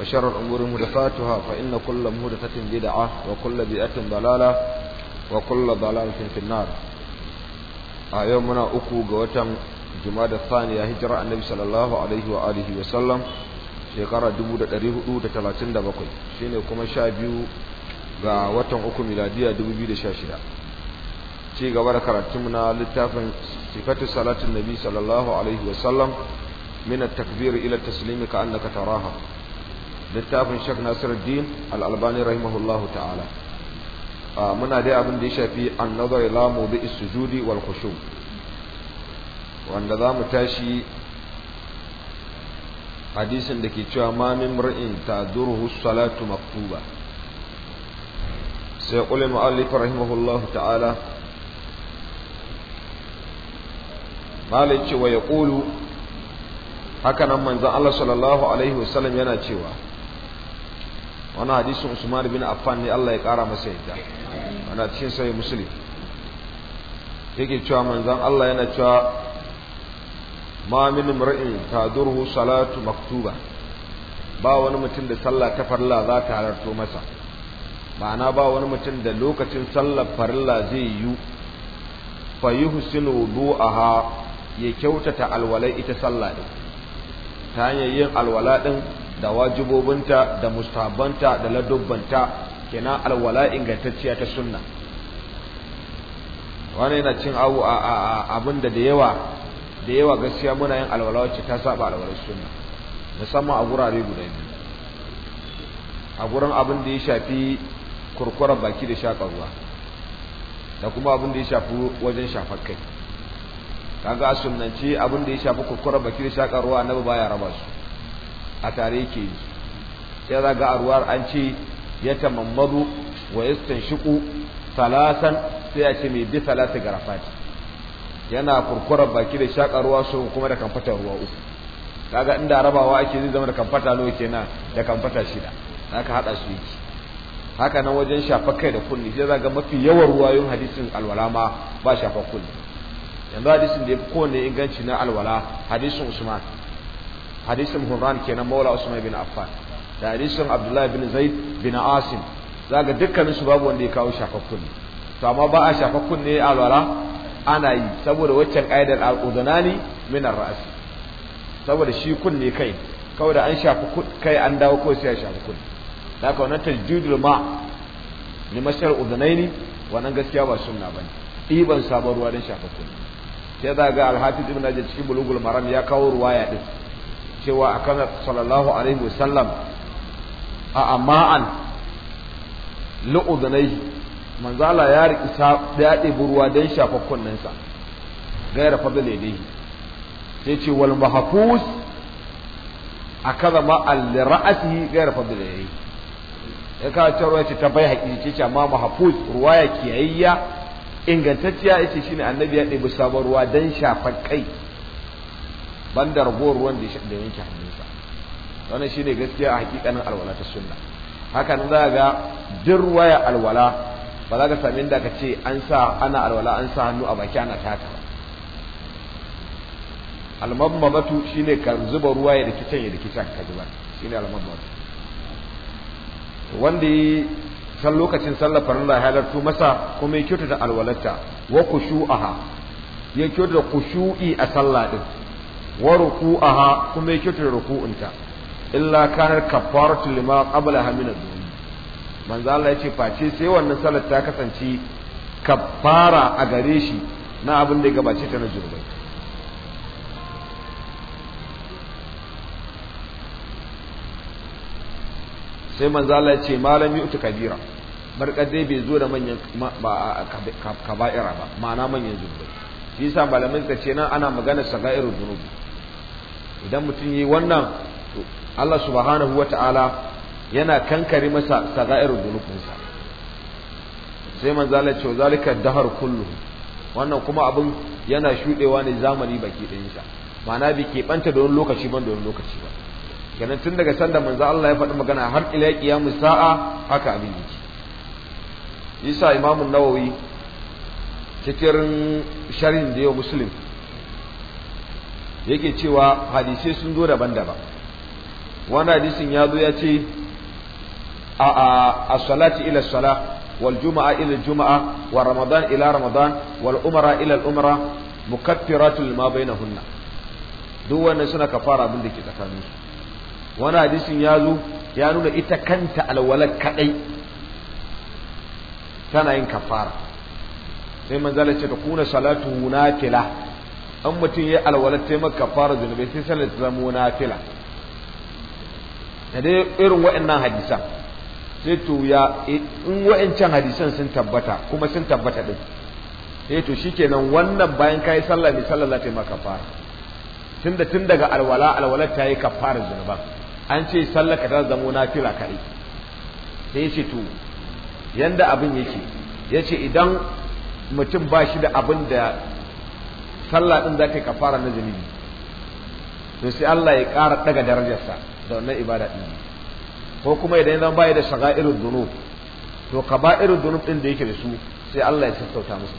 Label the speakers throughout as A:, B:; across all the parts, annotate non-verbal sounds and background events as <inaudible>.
A: وشر الأمور مهدفاتها فإن كل مهدفة بدعة وكل بدعة ضلالة وكل ضلالة في النار يومنا أكو قوتا جماد الثانية هجرة النبي صلى الله عليه وآله وسلم شكرا دبودة دريه أودة تلاتين دبقل شين يكما شابيو قوتا أكو ميلادية دبودة شاشرة ci gaba da karatunmu littafin sifatu salatin nabi sallallahu alaihi wasallam min at-takbir ila at-taslim ka annaka taraha littafin Sheikh Nasiruddin Al-Albani rahimahullahu ta'ala ah, muna dai abin da ya shafi an-nazar ila mawdi'i wal khushu wanda zamu tashi hadisin da ke cewa ma min ta tadurhu salatu maktuba sai qul mu'allif rahimahullahu ta'ala malik wa yaqulu haka nan manzon Allah sallallahu alaihi wasallam yana cewa wani hadisin usman bin affan ne Allah ya kara masa yadda ana cikin sai muslim yake cewa manzon Allah yana cewa ma min mar'in tadurhu salatu maktuba ba wani mutum da sallah ta farilla za ta halarto masa ma'ana ba wani mutum da lokacin sallar farilla zai yi fa yuhsinu du'aha ya kyautata alwalai ita sallah din ta hanyar yin alwala ɗin? da wajibobinta da mustahabbanta da ladubbanta kenan alwala ingantacciya ta sunna wani yana cin abu a abin da da yawa da yawa gaskiya muna yin alwala wacce ta saba alwalar sunna musamman a gurare guda biyu a gurin abin da ya shafi kurkurar baki da shaƙar ruwa da kuma abin da ya shafi wajen shafar kai kaga a sunnance abin da ya shafi kurkurar baki da shaƙar ruwa annabi baya raba su a tare yake yi sai za ga arwar an ce ya tamammadu wa shiku salasan sai a ce mai bi salasa rafati yana kurkurar baki da shaƙa ruwa so kuma da kamfatar ruwa uku kaga inda rabawa ake zai zama da kamfata nawa kenan da kamfata shida haka haɗa su yake haka nan wajen shafa kai da kulli sai za ga mafi yawan ruwayoyin hadisin alwala ma ba shafa kulli yanzu hadisin da ya fi kowane inganci na alwala hadisin usman hadisin Hurran kenan Maula Usman bin Affan da hadisin Abdullah bin Zaid bin Asim zaga dukkanin su babu wanda ya kawo shafakkun to amma ba a shafakkun ne a lura ana yi saboda waccan ƙa'idar al'udunani min ar-ra'si saboda shi kunne kai kawai da an shafi kai an dawo ko sai ya shafi kunne da haka wannan tajdidul ma ni mashar udunaini wannan gaskiya ba sunna bane ɗiban sabon ruwa don shafa kunne sai za ga alhafiz ibn najib cikin bulugul maram ya kawo ruwaya din cewa a kan sallallahu alaihi wasallam a ama'an lu'udunai manzala ya riƙi ya ɗebi ruwa don shafa kunninsa gaira fadl yadayhi sai ce wal mahfuz akaza ma al ra'atihi gaira fadl yadayhi ya ka ta ruwa ce ta bai haƙi ce amma mahfuz ya kiyayya ingantacciya yace shine annabi ya ɗebi sabon ruwa don shafa kai ban da ragowar ruwan da ya yanke hannunsa wannan shi ne gaskiya a hakikanin alwala ta sunna haka nan za ga duk ruwaya alwala ba za ka sami inda ka ce an sa ana alwala an sa hannu a baki ana taka almammamatu shi ne ka zuba ruwa ya rikicen ya rikicen ka zuba shi ne almammamatu wanda yi san lokacin sallar farilla ya halartu masa kuma ya kyautata alwalarta wa kushu'aha ya kyautata kushu'i a sallah din wa ruku'aha kuma yake kyautar ruku'unta illa kanar kafaratu lima qabla hamina dhunubi manzo Allah ya ce face sai wannan salat ta kasance kafara a gare shi na abin da ya gabace ta na jurbai sai manzo Allah ya ce malami utu kabira barka dai bai zo da manyan kaba'ira ba ma'ana manyan zunubai shi yasa malamai ka ce nan ana magana sagairu zunubi idan mutum yi wannan Allah subhanahu wa ta'ala yana kankare masa sagairu dunukunsa sai man Allah ce zalika dahar kullu wannan kuma abin yana shuɗewa ne zamani baki ɗayan sa ma'ana bi ke banta da wani lokaci ban da wani lokaci ba kenan tun daga sanda manzo Allah ya faɗi magana har ila qiyamus sa'a haka abin yake Isa imamu nawawi cikin sharhin da yau muslim yake cewa hadisai sun zo daban-daban wani hadisin ya zo ya ce a salati ila salah wal juma'a ila juma'a wa ramadan ila ramadan wal umara ila umara mukaffiratul ma bainahunna duk wannan suna kafara abin da ke tsakaninsu wani hadisin ya zo ya nuna ita kanta alwala kadai tana yin kafara sai manzala ce ka kuna salatu nafila an mutum ya alwalar taimaka fara zunubai sai sallar ta zama na fila da dai irin waɗannan hadisan sai to ya in waɗancan hadisan sun tabbata kuma sun tabbata ɗin sai eh to shikenan wannan bayan kayi sallah ne sallah za ta yi maka fara da tun daga alwala alwala ta yi kafara zunuban an ce sallah ka ta zama na fila kaɗai sai ce to yanda abin yake ya ce idan mutum ba shi da abin da sallah din zaka yi kafara na zunubi to sai Allah ya ƙara daga darajarsa da wannan ibada din ko kuma idan zan baya da shagairu dunub to kaba'irud dunub din da yake da su sai Allah ya tattauta musu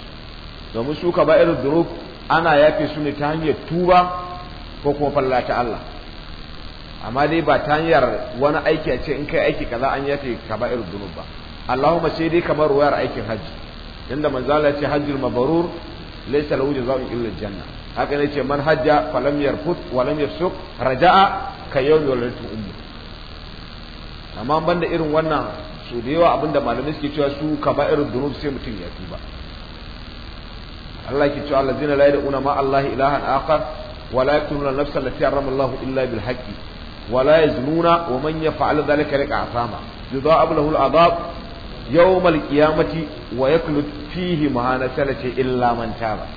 A: domin su kaba'irud dunub ana yafe su ne ta hanyar tuba ko kuma falla ta Allah amma dai ba ta hanyar wani aiki a ce in kai aiki kaza an yafe kaba'irud dunub ba Allahumma sai dai kamar ruwayar aikin hajji inda manzala ce hajjul mabrur laysa lahu jazaa'un illa janna haka ne ce man hajja falam yarfut wa lam yafsuq raja'a ka yawmi waladatu ummu amma banda irin wannan su da yawa abinda malamai suke cewa su kaba'irud dunub sai mutum ya tuba Allah ke cewa allazina la yad'una ma Allah ilahan akhar wa la yaqtuluna nafsa allati harrama Allah illa bil haqqi wa la yaznuna wa man yaf'al dhalika yalqa asama yudha'ab lahu al-'adab yawmal qiyamati wa yaklut fihi mahana ce illa man taba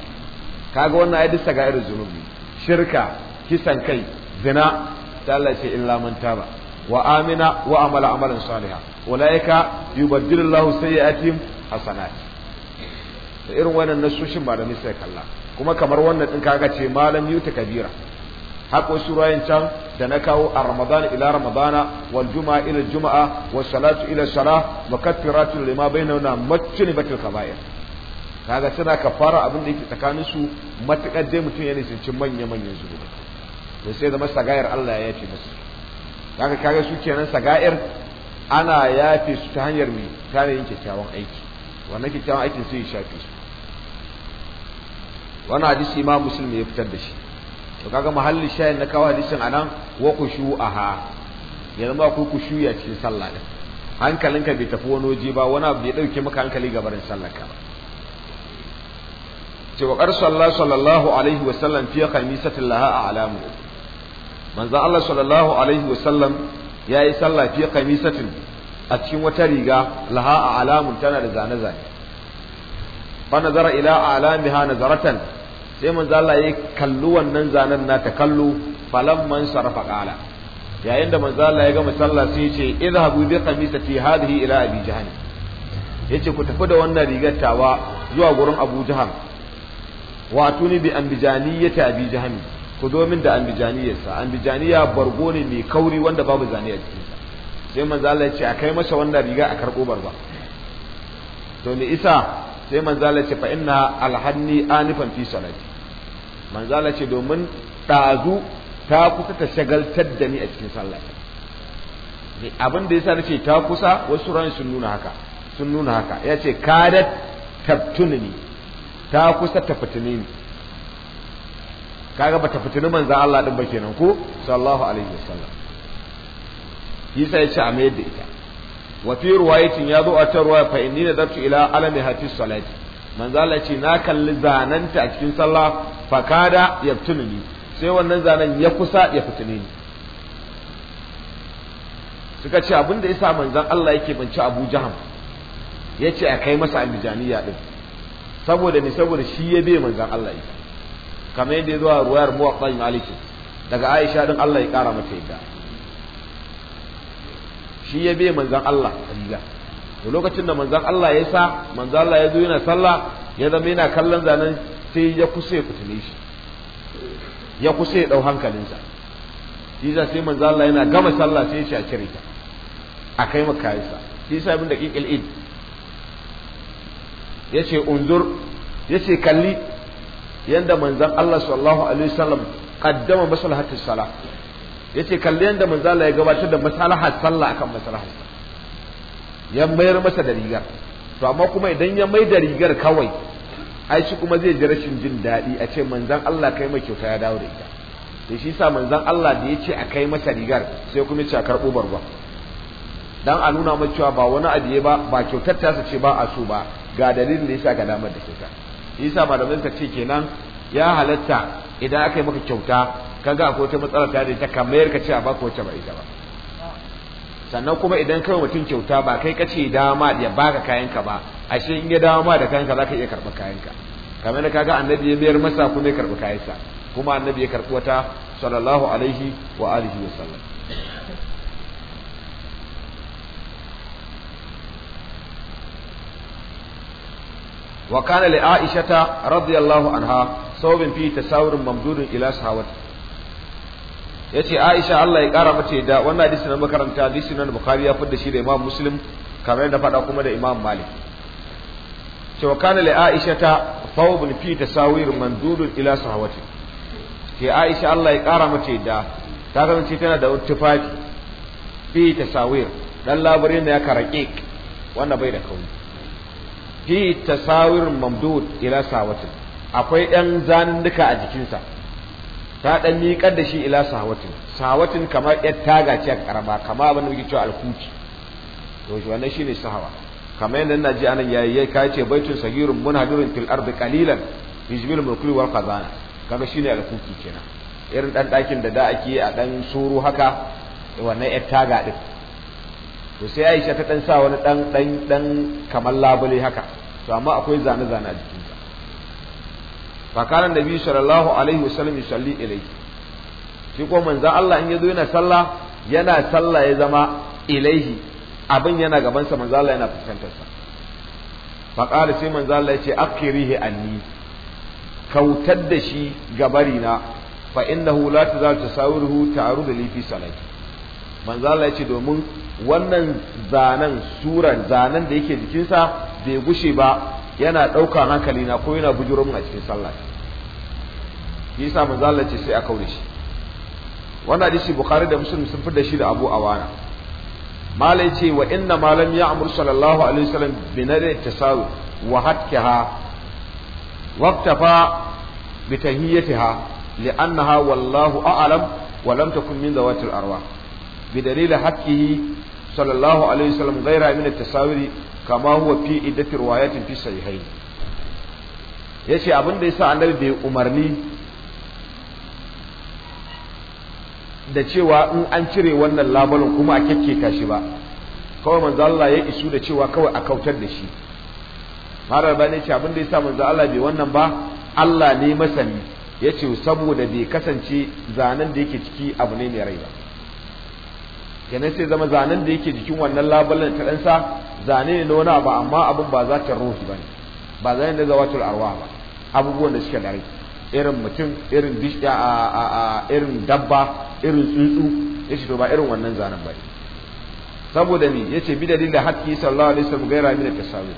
A: kaga wannan ayat sa ga irin zunubi shirka kisan kai zina ta Allah ce illa man taba wa amina wa amala amalan salihan ulaika yubaddilu Allahu sayyi'atihim hasanat irin wannan nasoshin malamai sai kalla kuma kamar wannan ɗin kaga ce malam yuta kabira haka wasu can da na kawo a ramadan ila ramadana wal juma'a ila juma'a wa salatu ila salah wa kafiratu lima bainahuna matcin batil kaba'ir kaga tana kafara abin da yake tsakanin su matakar dai mutum yana cin manya manyan zuwa to sai zama sagayar Allah ya yafe musu kaga kaga su kenan sagayar ana yafe su ta hanyar mai tare yin kyakkyawan aiki wannan kyakkyawan aikin sai ya shafe su wannan hadisi ma muslim ya fitar da shi to kaga mahallin shayin na kawo hadisin anan wa aha yanzu ba ku ya cikin sallah din hankalinka bai tafi wani waje ba wani abu bai dauke maka hankali ga barin sallar ka ba cewa qar sallallahu sallallahu alaihi wa sallam fi khamisatin laha a'lamu manzo Allah sallallahu alaihi wa sallam yayi sallah fi khamisatin a cikin wata riga laha a'lamun tana da zane zane fa nazara ila a'lamiha nazaratan sai manzo Allah ya kallu wannan zanen na ta kallu kallo man sarafa qala yayin da manzala ya gama sallah sai ya ce idhabu bi qamisati hadhihi ila abi jahal yace ku tafi da wannan rigar tawa zuwa gurin Abu Jahal wato ni bi ambijaniyati abi jahal ku zo da ambijaniyarsa ambijaniya bargo ne mai kauri wanda babu zane a cikinsa sai manzo Allah ya ce a kai masa wannan riga a karbo barba to ni isa sai manzo Allah ya ce fa inna alhanni anifan fi salati manzala ce domin ɗazu ta kusa ta shagaltar da ni a cikin sallah abin da yasa nace ta kusa wasu ran sun nuna haka sun nuna haka ya ce kadat tabtunni ta kusa ta fitine ni kaga bata fitini manzo Allah din ba kenan ko sallallahu alaihi wasallam yasa ya ce a mayar da ita wa fi ruwayatin ya zo a tarwa fa inni nadartu ila alami hatis salati manzo Allah ce na kalli zananta a cikin sallah fakada ni sai wannan zanen ya kusa ya fitine ni suka ce abin da yasa manzon Allah yake banci Abu Jaham yace a kai masa aljaniya din saboda ne saboda shi ya bai manzon Allah yake kamar yadda ya zo a ruwayar muwaqqal maliki daga Aisha din Allah ya kara mata yadda shi ya bai manzon Allah riga to lokacin da manzan Allah ya sa manzan Allah ya zo yana sallah ya zama yana kallon zanen sai ya kusa ya shi ya kusa ya dau hankalinsa shi za sai manzan Allah yana gama sallah sai ya ci a cire ta a kai maka yasa shi yasa ibn daqiq al-id yace unzur yace kalli yanda manzan Allah sallallahu alaihi wasallam qaddama maslahatis salah yace kalli yanda manzan Allah ya gabatar da maslahat sallah akan maslahat ya mayar masa da rigar to amma kuma idan ya mai da rigar kawai ai shi kuma zai ji rashin jin daɗi a ce manzan Allah kai mai kyauta ya dawo da ita da shi sa manzan Allah da ya ce a kai masa rigar sai kuma ya karɓo barba dan a nuna masa cewa ba wani abu ba ba kyautar ta ce ba a so ba ga dalilin da yasa ga damar da kyauta shi sa malamin ka ce kenan ya halatta idan aka yi maka kyauta kaga akwai wata matsala ta da ita kamar ka ce a baka wacce ba ita ba sannan kuma idan kai mutum kyauta ba kai kace dama ya baka kayanka ba ashe in ya dawo ma da kayanka zaka iya karɓa kayanka kamar da kaga annabi ya mayar masa kuma ya karɓi kayansa kuma annabi ya karɓi wata sallallahu alaihi wa alihi wa sallam وكان لعائشة رضي الله عنها صوب فيه تساور Ila إلى yace Aisha Allah ya kara mace da wannan hadisi na makaranta hadisi na Bukhari ya fidda shi da Imam Muslim kamar yadda fada kuma da Imam Malik cewa kana li Aisha ta thawbun fi tasawir mandudun ila sahawati ke Aisha Allah ya kara mace da ta mace tana da tufafi fi tasawir dan labarin da ya karake wanda bai da kauni fi tasawir mandud ila sahawati akwai ɗan zanin duka a jikinsa ta dan miƙar da shi ila sahawatin sahawatin kamar yar taga ce karama kamar abin da muke cewa alkuki to shi wannan shine sahawa kamar yadda ina ji anan yayi yayi kai ce baitun sagirun munhadirun til ardi qalilan yujbil mulkul wal qazana kaga shine alkuki kenan irin dan dakin da da ake a dan suru haka wannan yar taga din to sai Aisha ta dan sa wani dan dan dan kamar labule haka to amma akwai zane zane a jiki fakaran biyu sallallahu alaihi wa wasallam yusalli ilayhi shi ko manzon Allah in yazo yana sallah yana sallah ya zama ilaihi abin yana gaban sa manzon Allah yana fuskantar sa faqala sai manzon Allah ya ce akirihi anni kautar da shi gabari na fa innahu la tazal tasawiruhu ta'arudu li fi salati manzon Allah ya ce domin wannan zanen suran zanen da yake jikinsa bai gushe ba yana ɗaukar hankali na ko yana bujuromin a cikin sallah shi yasa manzo Allah ce sai a kaure shi wannan hadisi bukhari da muslim sun da shi da abu awana malai ce wa inna ma lam ya'mur sallallahu alaihi wasallam bi nadi tasawu wa hatkaha waqtafa bi tahiyyatiha li'annaha wallahu a'lam wa lam takun min zawatil arwah bi dalil hakkihi sallallahu alaihi wasallam ghaira min at-tasawuri kama huwa fi iddati riwayatin fi sahihain yace abin da yasa annabi bai umarni da cewa in an cire wannan labarin kuma a kyakkeka shi ba kawai manzo Allah ya isu da cewa kawai a kautar da shi har ba ne ce abin da ya sa manzo Allah bai wannan ba Allah ne masani ya ce saboda bai kasance zanen da yake ciki abu ne mai rai ba kenan sai zama zanen da yake jikin wannan labalin ta ɗansa zane ne na wani abu amma abin ba za ta ruhi ba ne ba zane da zawatul arwa ba abubuwan da suke da rai irin mutum irin bishiya a irin dabba irin tsuntsu ce to ba irin wannan zanen bane saboda ni ce bi dalilin da haƙƙi sallallahu alaihi wasallam gaira min tasawi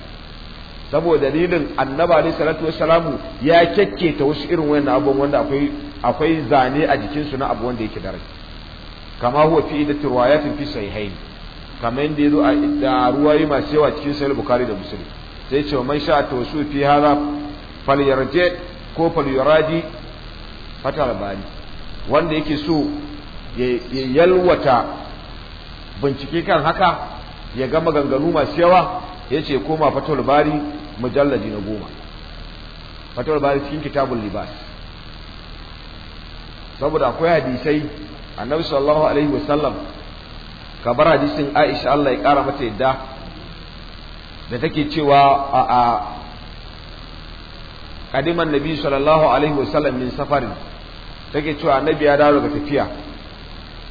A: saboda dalilin annabi alaihi salatu salamu ya kekketa wasu irin wayannan abubuwan wanda akwai akwai zane a jikin su na abu wanda yake daraja kama huwa fi idati ya fi sahihain kamar yadda yazo a da ruwayi masu yawa cikin sahih bukhari da muslim sai ce man sha to su fi hada falyarje ko falyuradi fatar bani wanda yake so ya yalwata bincike kan haka ya ga maganganu masu yawa ya ce koma fatar bari mujallaji na goma fatar bari cikin kitabun libas saboda akwai hadisai annabi sallallahu alaihi wasallam kabar hadisin aisha Allah ya kara mata yadda da take cewa a kadiman nabi sallallahu alaihi wasallam min safari take cewa nabi ya dawo daga tafiya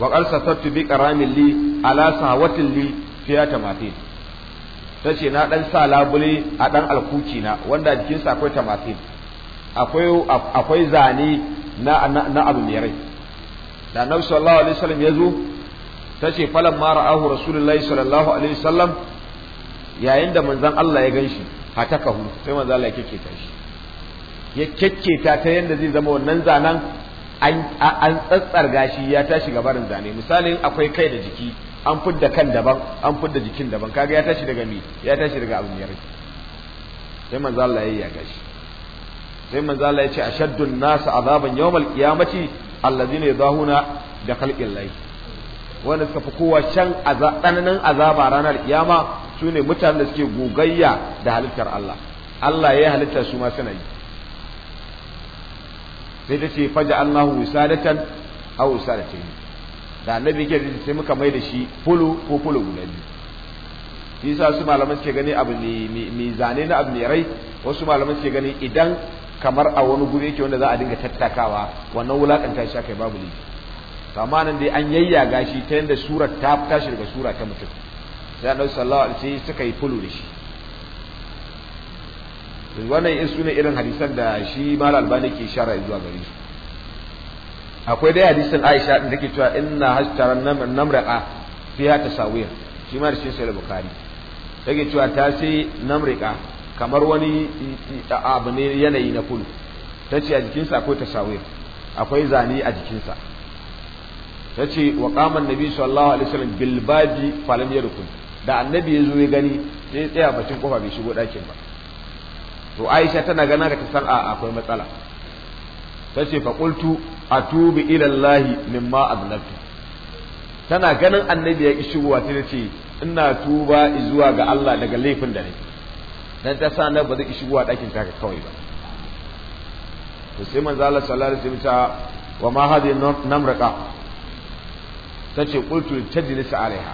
A: wa qalsa tattu bi qaramin li ala sawatin li fiya tamatin tace na dan sa labule a dan alkuci na wanda jikin sa akwai tamatin akwai akwai zane na na abu mai rai da nabi sallallahu alaihi wasallam ya zo tace falan ma ra'ahu rasulullahi sallallahu alaihi wasallam yayin da manzon Allah ya ganshi hatakahu sai manzon Allah ya kike tashi ya kyakketa ta yadda zai zama wannan zanen an tsatsarga shi ya tashi gabarin zane misalin akwai kai da jiki an fidda kan daban an fidda jikin daban kaga ya tashi daga mi ya tashi daga abu mai sai manzo Allah ya yaga shi sai manzo Allah ya ce ashaddun nasu azaban yawmal qiyamati allazina yadahuna da khalqin lahi wanda suka fi kowa can tsananin azaba ranar kiyama sune mutanen da suke gogayya da halittar Allah Allah ya halitta su ma suna yi sai ta ce faja allahu wisadatan aw wisadatin da annabi yake da sai muka mai da shi fulu ko fulu guda biyu shi yasa su malaman suke gani abu ne mai zane na abu ne rai wasu malaman suke gani idan kamar a wani guri yake wanda za a dinga tattakawa wannan wulakanta shi aka yi babu ne amma nan dai an yayyaga shi ta yadda surar ta tashi daga sura ta mutum sai annabi sallallahu alaihi wasallam suka yi fulu da shi wannan su ne irin hadisan da shi mara albani ke shara zuwa gare su akwai dai hadisan aisha da ke cewa inna hastara namra'a fiha tasawir shi ma da shi sai bukhari ke cewa ta sai namrika kamar wani abu ne yanayi na kulu ta ce a jikinsa akwai tasawir akwai zane a jikinsa ta ce wa kaman nabi sallallahu alaihi wasallam bil babi falam rukun da annabi ya zo ya gani sai ya tsaya bacin kofa bai shigo dakin ba to aisha tana gana da ta san a akwai matsala ta ce fa qultu atubu ila Allah mimma aznabtu tana ganin annabi ya shigowa ta ce ina tuba zuwa ga Allah daga laifin da nake dan ta sa na ba zai shigowa dakin ta kawai ba to sai manzo Allah sallallahu alaihi wasallam wa ma ce ta qultu alaiha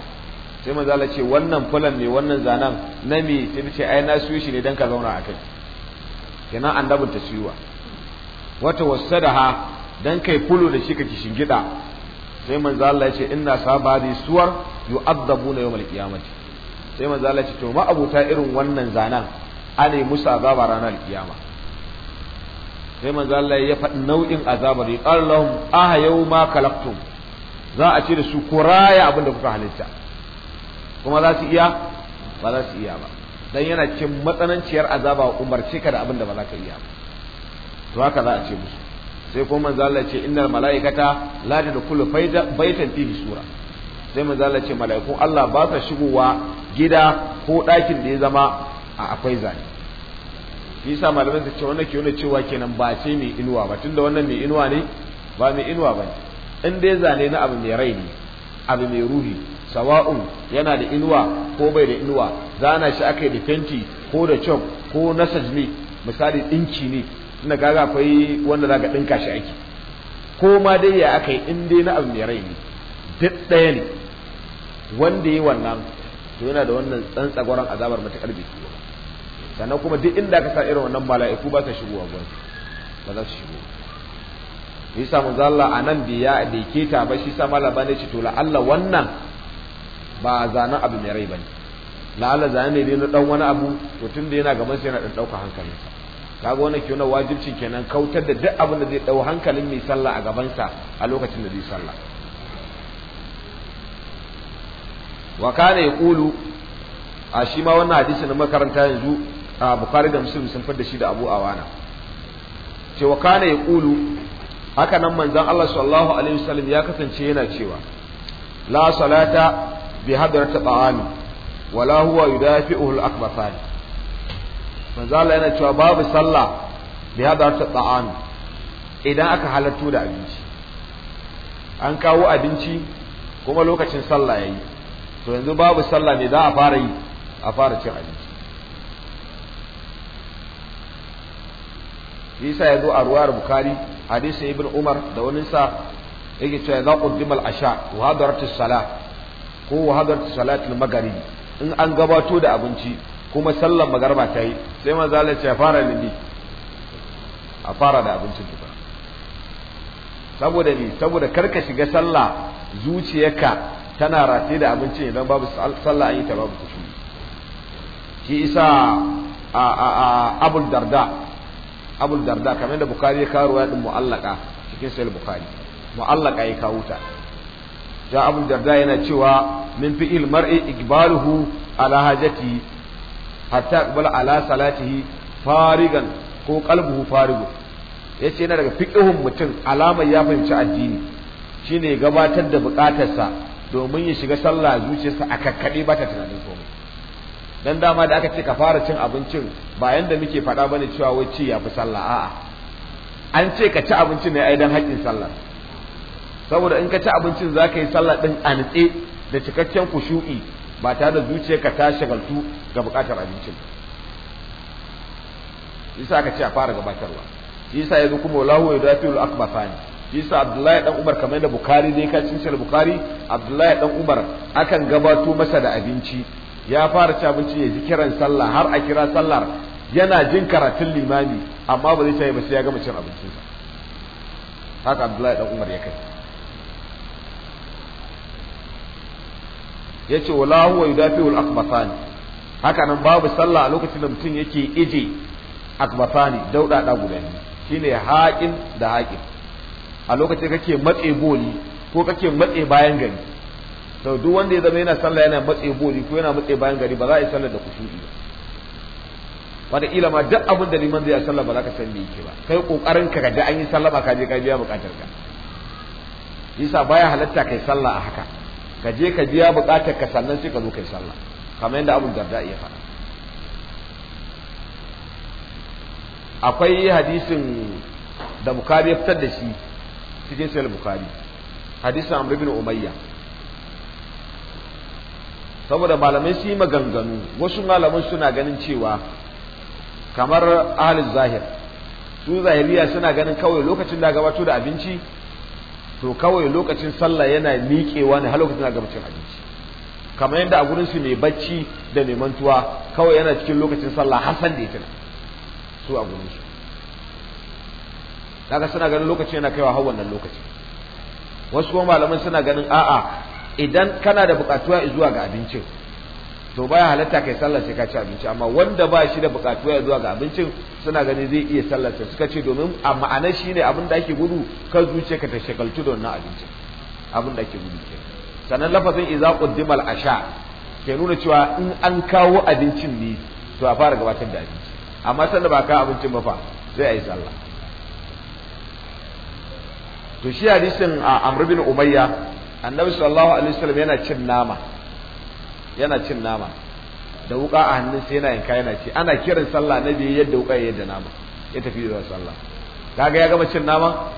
A: sai manzo Allah ce wannan fulan ne wannan zanen na me ce ai na siyo shi ne dan ka zauna a kai. kenan annabin siwa wata wasadaha dan kai kulu da shi ka ki shingida sai manzo Allah ya ce inna sabari suwar yu'adzabuna yawmal qiyamati sai manzo Allah ya ce to ma abuta irin wannan zanan ane Musa azaba ranar kiyama sai manzo Allah ya faɗi nau'in azabar ya qallahum ah yawma za a ce da su koraya raya abin da kuka halitta kuma za su iya ba za su iya ba dan yana cikin matsananciyar azaba umarce ka da abin da ba za ka iya to haka za a ce musu sai kuma manzo Allah ce innal malaikata la tadkhulu baitan fi sura sai manzo Allah ce malaikun Allah ba sa shigowa gida ko ɗakin da ya zama a akwai zane yasa malamin su ce wannan ke nuna cewa kenan ba ce mai inuwa ba tunda wannan mai inuwa ne ba mai inuwa ba in dai zane na abu mai rai ne abu mai ruhi sawa'un yana da inuwa ko bai da inuwa zana shi aka yi da fenti ko da cok ko nasaj ne misali ɗinki ne tunda gaga akwai wanda zaka ɗinka shi aiki ko ma dai ya aka yi in dai na abu mai rai ne duk ɗaya ne wanda ya wannan to yana da wannan tsantsagwaron azabar matuƙar biki sannan kuma duk inda ka sa irin wannan mala'iku ba ta shigowa gurin ba za su shigo yasa manzo zalla anan biya bai keta ba shi sa malaba ne ce to la'alla wannan ba zanen abu mai rai ba bane la'alla zane ne na dan wani abu to tun da yana gaban sai yana dan dauka sa kaga wannan ke wannan wajibcin kenan kautar da duk abin da zai dau hankalin mai sallah a gabansa a lokacin da zai sallah wa kana yaqulu a shi ma wannan hadisi na makaranta yanzu a bukhari da muslim sun fada shi da abu awana ce wa kana yaqulu haka nan manzon Allah sallallahu alaihi wasallam ya kasance yana cewa la salata bi hadrata ta'ami wala huwa yudafi'uhu al-akbathan manzo Allah yana cewa babu sallah bi hadrata ta'ami idan aka halatto da abinci an kawo abinci kuma lokacin sallah yayi to yanzu babu sallah ne za a fara yi a fara cin abinci yasa ya zo a ruwayar a hadisin ibn umar da waninsa sa yake cewa za qaddima al-asha wa hadarat as-salah ko wahadar salatul magharibi in an gabato da abinci kuma sallar magarba ta yi sai manzo Allah ya fara limi a fara da abincin tuka saboda ne saboda karka shiga sallah zuciyarka tana rataye da abincin idan babu sallah an yi ta babu kusuri shi isa a a a abul darda abul darda kamar da bukari ya karo ya din mu'allaka cikin sahih bukari mu'allaka ya kawo ta ta abul jarda yana cewa min fi'il mar'i iqbaluhu ala hajati hatta iqbala ala salatihi farigan ko qalbuhu farigu yace yana daga fiqihun mutum alamar ya fahimci addini shine gabatar da bukatarsa domin ya shiga sallah zuciyarsa a kakkade ba ta tunanin komai dan dama da aka ce ka fara cin abincin ba yanda muke faɗa bane cewa wai ci yafi sallah a'a an ce ka ci abincin ne ai dan haƙƙin sallah saboda in ka ci abincin za ka yi sallah ɗin a nitse da cikakken kushu'i ba tare da zuciya ka ta shagaltu ga buƙatar abincin yasa aka ce a fara gabatarwa yasa yanzu kuma wallahu ya dafi ul ni. yasa abdullahi dan umar kamar da bukari dai ka cin shar bukari abdullahi dan umar akan gabato masa da abinci ya fara ci abinci ya ji kiran sallah har a kira sallar yana jin karatun limami amma ba zai ci ba sai ya gama cin abincin haka abdullahi dan umar ya kai yace wala huwa yudafiul akbathan haka nan babu sallah a lokacin da mutum yake ije akbathani daudada guda shine haƙin da haƙin a lokacin kake matse boli ko kake matse bayan gari to duk wanda ya zama yana sallah yana matse boli ko yana matse bayan gari ba za a yi sallar da kushu'i ba wata ila ma duk abin da liman zai yi sallah ba za ka san me yake ba kai kokarin ka gaji an yi ba ka je ka biya bukatar ka yasa baya halatta kai sallah a haka ka je ka biya buƙatar ka sannan sai ka zo kai sallah kamar yadda abu garda ya faɗa akwai hadisin da bukari ya fitar da shi cikin sayar bukari hadisin amr ibn umayya saboda malamai su yi maganganu wasu malamai suna ganin cewa kamar ahalin zahir su zahiriya suna ganin kawai lokacin da gabato da abinci to kawai lokacin sallah yana miƙewa ne har lokacin na gabacin abinci kamar yadda a gurin su mai bacci da mai mantuwa kawai yana cikin lokacin sallah har san da ya tuna su a gurin su daga suna ganin lokacin yana kaiwa har wannan lokaci wasu kuma malaman suna ganin a'a idan kana da buƙatuwa zuwa ga abincin to baya halatta kai sallah sai ka ci abinci amma wanda ba shi da bukatu ya zuwa ga abincin suna ganin zai iya sai suka ce domin a ma'ana shine abin da ake gudu ka zuce ka ta shagaltu da wannan abincin abin da ake gudu ke sannan lafazin iza quddimal asha ke nuna cewa in an kawo abincin ne to a fara gabatar da abinci amma sanda ba ka abincin ba fa zai yi sallah to shi hadisin a Amr bin Umayya annabi sallallahu alaihi wasallam yana cin nama yana cin nama da wuka a hannun sai yana yanka yana ci ana kiran sallah na biyu yadda wuka yadda nama ya tafi zuwa sallah kaga ya gama cin nama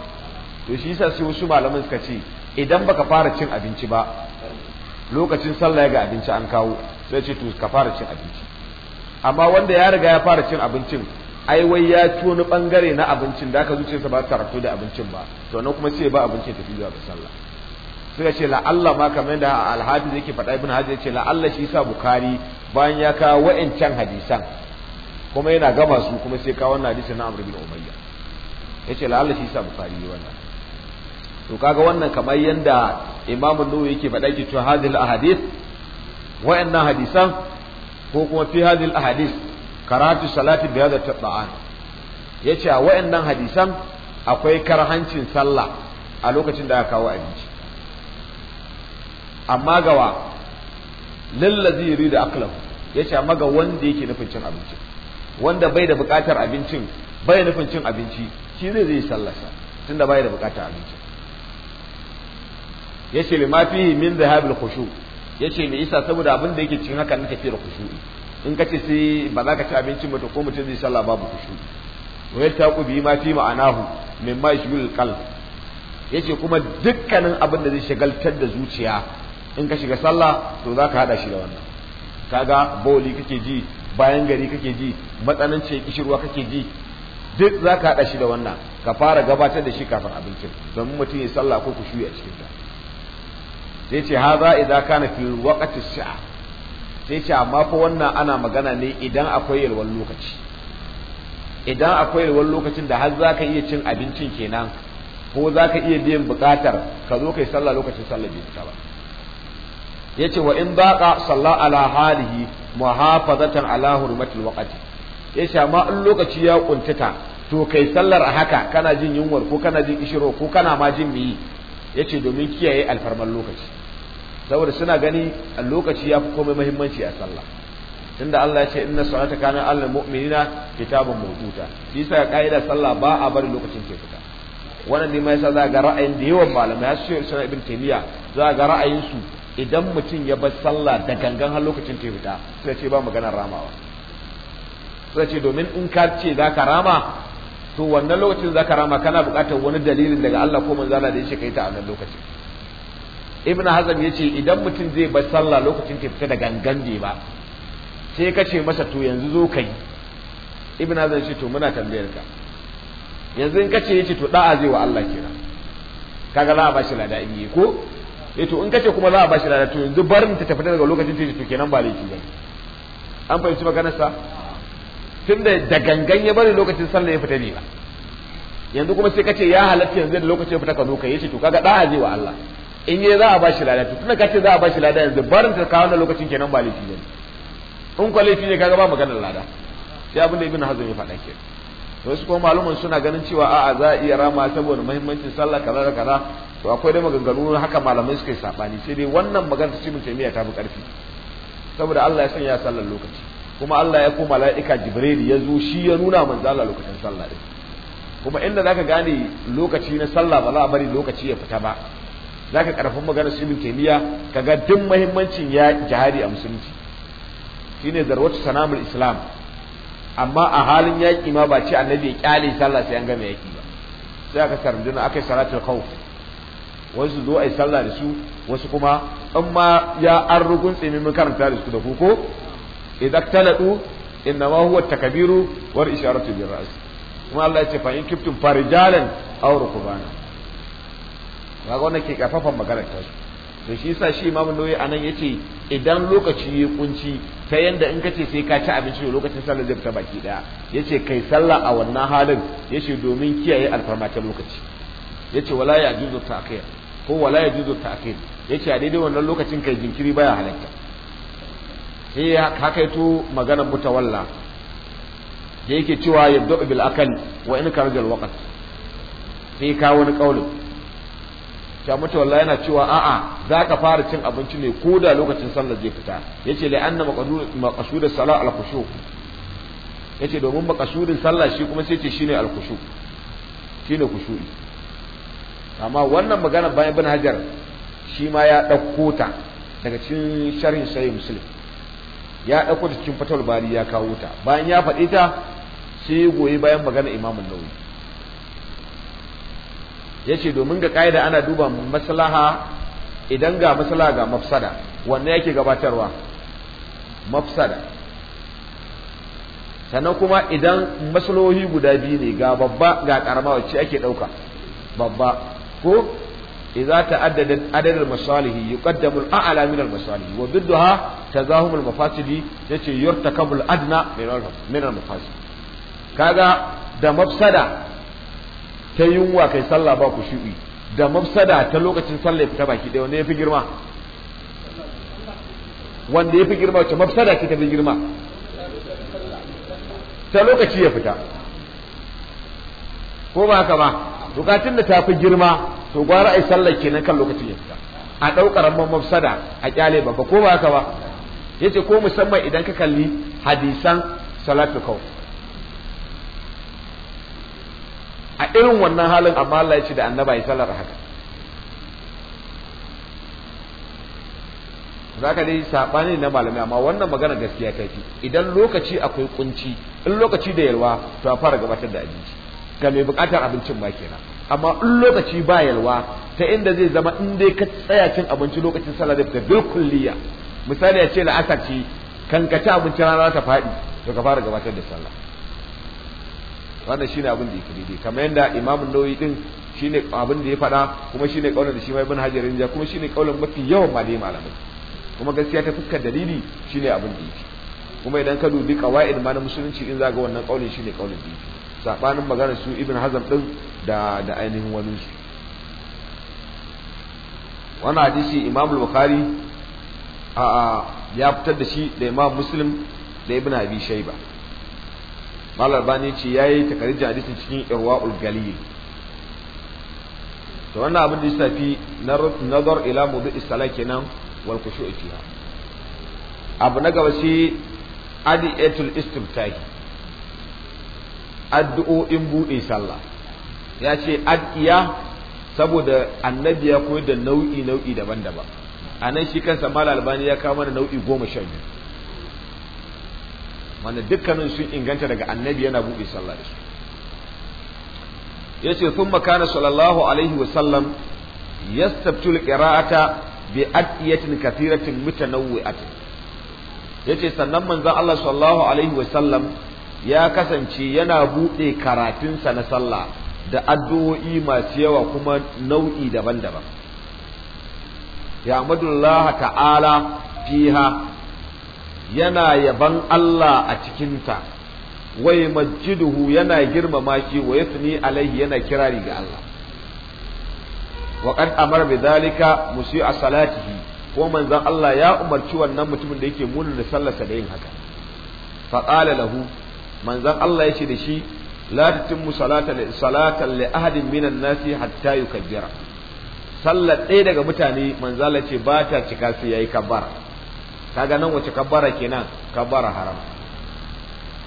A: to shi yasa sai wasu malaman suka ce idan baka fara cin abinci ba lokacin sallah ya ga abinci an kawo sai ce to ka fara cin abinci amma wanda ya riga ya fara cin abincin ai wai ya ci wani bangare na abincin da aka zuciyarsa ba ta da abincin ba to nan kuma sai ba abincin tafi zuwa sallah suka ce la'alla ma kamar da alhaji yake faɗa ibn hajji ya ce la'alla shi sa bukari bayan ya kawo wa'ancan hadisan kuma yana gama su kuma sai kawo wannan hadisin na amr bin umayya yace la'alla shi sa bukari wannan to kaga wannan kamar yanda imamu nawawi yake faɗa ki to hadhil ahadith wa'annan hadisan ko kuma fi hadhil ahadith karatu salati bi hadha ya yace a wa'annan hadisan akwai karhancin sallah a lokacin da aka kawo abinci amma gawa lallazi yuridu Ya ce amma ga wanda yake nufin cin abinci wanda bai da bukatar abincin bai nufin cin abinci shi zai zai sallarsa tunda bai da bukatar ya ce lima fihi min da kusho. Ya ce me isa saboda abin da yake cikin haka na da kusho, in ka ce sai ba za ka ci abincin ba to ko mutum zai sallah babu khushu'i wa yattaqu bi ma fi ma'anahu mimma kal. Ya ce kuma dukkanin abin da zai shagaltar da zuciya in ka shiga sallah to za ka haɗa shi da wannan kaga boli kake ji bayan gari kake ji matsanancin kishirwa kake ji duk za ka haɗa shi da wannan ka fara gabatar da shi kafin abincin domin mutum ya sallah ko ku shuya a cikinta sai ce ha za idan na fi waqati sha'a sai ce amma fa wannan ana magana ne idan akwai yalwar lokaci idan akwai yalwar lokacin da har za ka iya cin abincin kenan ko za ka iya biyan buƙatar ka zo kai sallah lokacin sallah bai fita ba yace wa in baqa salla ala halihi muhafazatan ala hurmatil waqti yace amma in lokaci ya kuntata to kai sallar a haka kana jin yunwar ko kana jin ishiro ko kana ma jin miyi yace domin kiyaye alfarman lokaci saboda suna gani lokaci ya fi komai muhimmanci a sallah tunda Allah ya ce inna salata kana alal mu'minina kitabun mawquta bisa yasa kaidar sallah ba a bari lokacin ke fita wannan ne ma yasa za ga ra'ayin da yawan malamai su shi ibn taymiya za ga ra'ayin su idan mutum ya bar sallah da gangan har lokacin ta fita sai ce ba maganar ramawa sai ce domin in ka ce za ka rama to wannan lokacin za ka rama kana buƙatar wani dalilin daga Allah ko manzala da ya shekai yi ta a nan lokacin ibn hazm ya ce idan mutum zai bar sallah lokacin ta fita da gangan bai ba sai ka ce masa to yanzu zo kai. ibn hazm ya to muna tambayar ka yanzu in ka ce ya ce to da'a zai wa Allah kira kaga za a ba shi lada in yi ko eh to in kace kuma za a bashi lada to yanzu barin ta tafi daga lokacin tiji to kenan ba laifi ba an fahimci maganar sa tunda da gangan ya bari lokacin sallah ya fita ne ba yanzu kuma sai kace ya halatta yanzu da lokacin ya fita ka zo ka yace to kaga da'a zai wa Allah in yi za a bashi lada to tunda kace za a bashi lada yanzu barin ta kawo da lokacin kenan ba laifi ba in kwa laifi ne kaga ba maganar lada sai abin da ibn hazm ya faɗa ke wasu kuma malumin suna ganin cewa a'a za a iya rama saboda muhimmancin sallah kaza da kaza to akwai dai maganganu haka malamai suka yi sabani sai dai wannan magana ta cikin taimiyya ta fi karfi saboda Allah ya sanya sallar lokaci kuma Allah ya koma la'ika jibril ya zo shi ya nuna man zala lokacin sallah din kuma inda zaka gane lokaci na sallah ba za a bari lokaci ya fita ba zaka karfin maganar ibn taimiyya kaga duk muhimmancin ya jihadi a musulunci shine zarwatu sanamul islam amma a halin yaƙi ma ba ce annabi ya kyale sallah sai an gama yaƙi ba sai aka sarjuna aka yi salatul khawf wasu zo ai sallah da su wasu kuma in ma ya an rugun tsimi mun karanta da su da ko idan taladu inna ma huwa takabiru war isharatu bil ra's kuma Allah ya ce fa in kiftum farijalan aw rukbana ga wannan ke kafafan maganar ta to shi yasa shi imamu noyi anan yace idan lokaci ya kunci ta yanda in kace sai ka ci abinci da lokacin sallah zai fita baki daya yace kai sallah a wannan halin yace domin kiyaye alfarma ta lokaci yace wala ya juzu ta'khir ko wala yajuzu ya ce a daidai wannan lokacin kai jinkiri baya halatta sai haka kaito magana walla. da yake cewa yabda'u bil akal wa in ka rajal waqt sai ka wani kaulin ta walla yana cewa a'a zaka fara cin abinci ne ko da lokacin sallar zai fita yace la anna maqsud as-salat al-khushu yace domin maqsudin sallah shi kuma sai ce shine al-khushu shine khushu'i amma wannan magana bayan ibn hajar shi ma ya ɗauko ta daga cikin sharin sahih muslim ya ɗauko ta cikin fatul bari ya kawo ta bayan ya faɗi ta sai goyi bayan magana imamun nawawi yace domin ga kaida ana duba maslaha idan ga maslaha ga mafsada wanne yake gabatarwa mafsada sannan kuma idan maslohi guda biyu ne ga babba ga karama wacce ake ɗauka babba ko idza ta'addada adadul masalihi yuqaddamu al-a'la min al-masalihi wa bidduha tazahum al-mafasidi yace yurtakabu al-adna min al-mafasid kaga da mafsada ta yunwa kai sallah ba ku shu'i da mafsada ta lokacin sallah fita baki ɗaya wanda ya fi girma
B: wanda ya fi girma wacce mafsada ce ta fi girma ta lokaci
A: ya fita ko ba haka ba bukatun da ta fi girma to gwara ai sallar kenan kan lokacin ya fita a ɗaukar mafsada a kyale babba ko ba haka ba yace ko musamman idan ka kalli hadisan salatu kau a irin wannan halin amma Allah ya ce da annaba ya sallar haka zaka dai sabani na malamai amma wannan magana gaskiya ta fi idan lokaci akwai kunci in lokaci da yalwa to a fara gabatar da abinci ga mai bukatar abincin ba kenan amma in lokaci ba yalwa ta inda zai zama in dai ka tsaya cin abinci lokacin sallah da fita bil kulliya misali ya ce la asar kan ka abinci rana ta faɗi to ka fara gabatar da sallah wannan shine abin da yake daidai kamar yadda imamun nawawi din shine abin da ya faɗa kuma shine kaulin da shi mai bin hajar ya kuma shine kaulin mafi yawan malai malamai kuma gaskiya ta fuskar dalili shine abin da yake kuma idan ka dubi kawai ma na musulunci in zaga wannan kaulin shine kaulin da yake sabanin maganar su ibn hazm din da da ainihin wani wannan hadisi imam bukhari a ya fitar da shi da imam muslim da ibn abi shayba malar bani ce yayi takarijin hadisin cikin irwaul galil to wannan abin da ya shafi nazar ila mudu salat kenan wal khushu'i fiha abu na gaba shi adiyatul istimtahi addu'o'in buɗe sallah ya ce adiya saboda annabi ya koyar da nau'i nau'i daban-daban a nan shi kansa mal albani ya kawo mana nau'i goma sha biyu wanda dukkanin sun inganta daga annabi yana buɗe sallah da su Ya ce sun makana sallallahu alaihi wasallam yastabtul qira'ata bi adiyatin kathiratin mutanawwi'atin ce sannan manzon Allah sallallahu alaihi wasallam ya kasance yana buɗe karatunsa na sallah da addu'o'i masu yawa kuma nau'i daban-daban ya'madullaha ta'ala fiha yana yaban Allah a cikinta wai majiduhu yana girmama shi wa ne alaihi yana kirari ga Allah wa qad amara bi dhalika a salatihi ko manzon Allah ya umarci wannan mutumin da yake munin sallarsa da yin haka fa qala lahu manzon Allah yace da shi la tatimmu salatan salatan li ahadin minan nasi hatta yukabbira sallar ɗaya daga mutane manzala ce ba ta cika sai yayi kabbara kaga nan wace kabbara kenan kabbara haram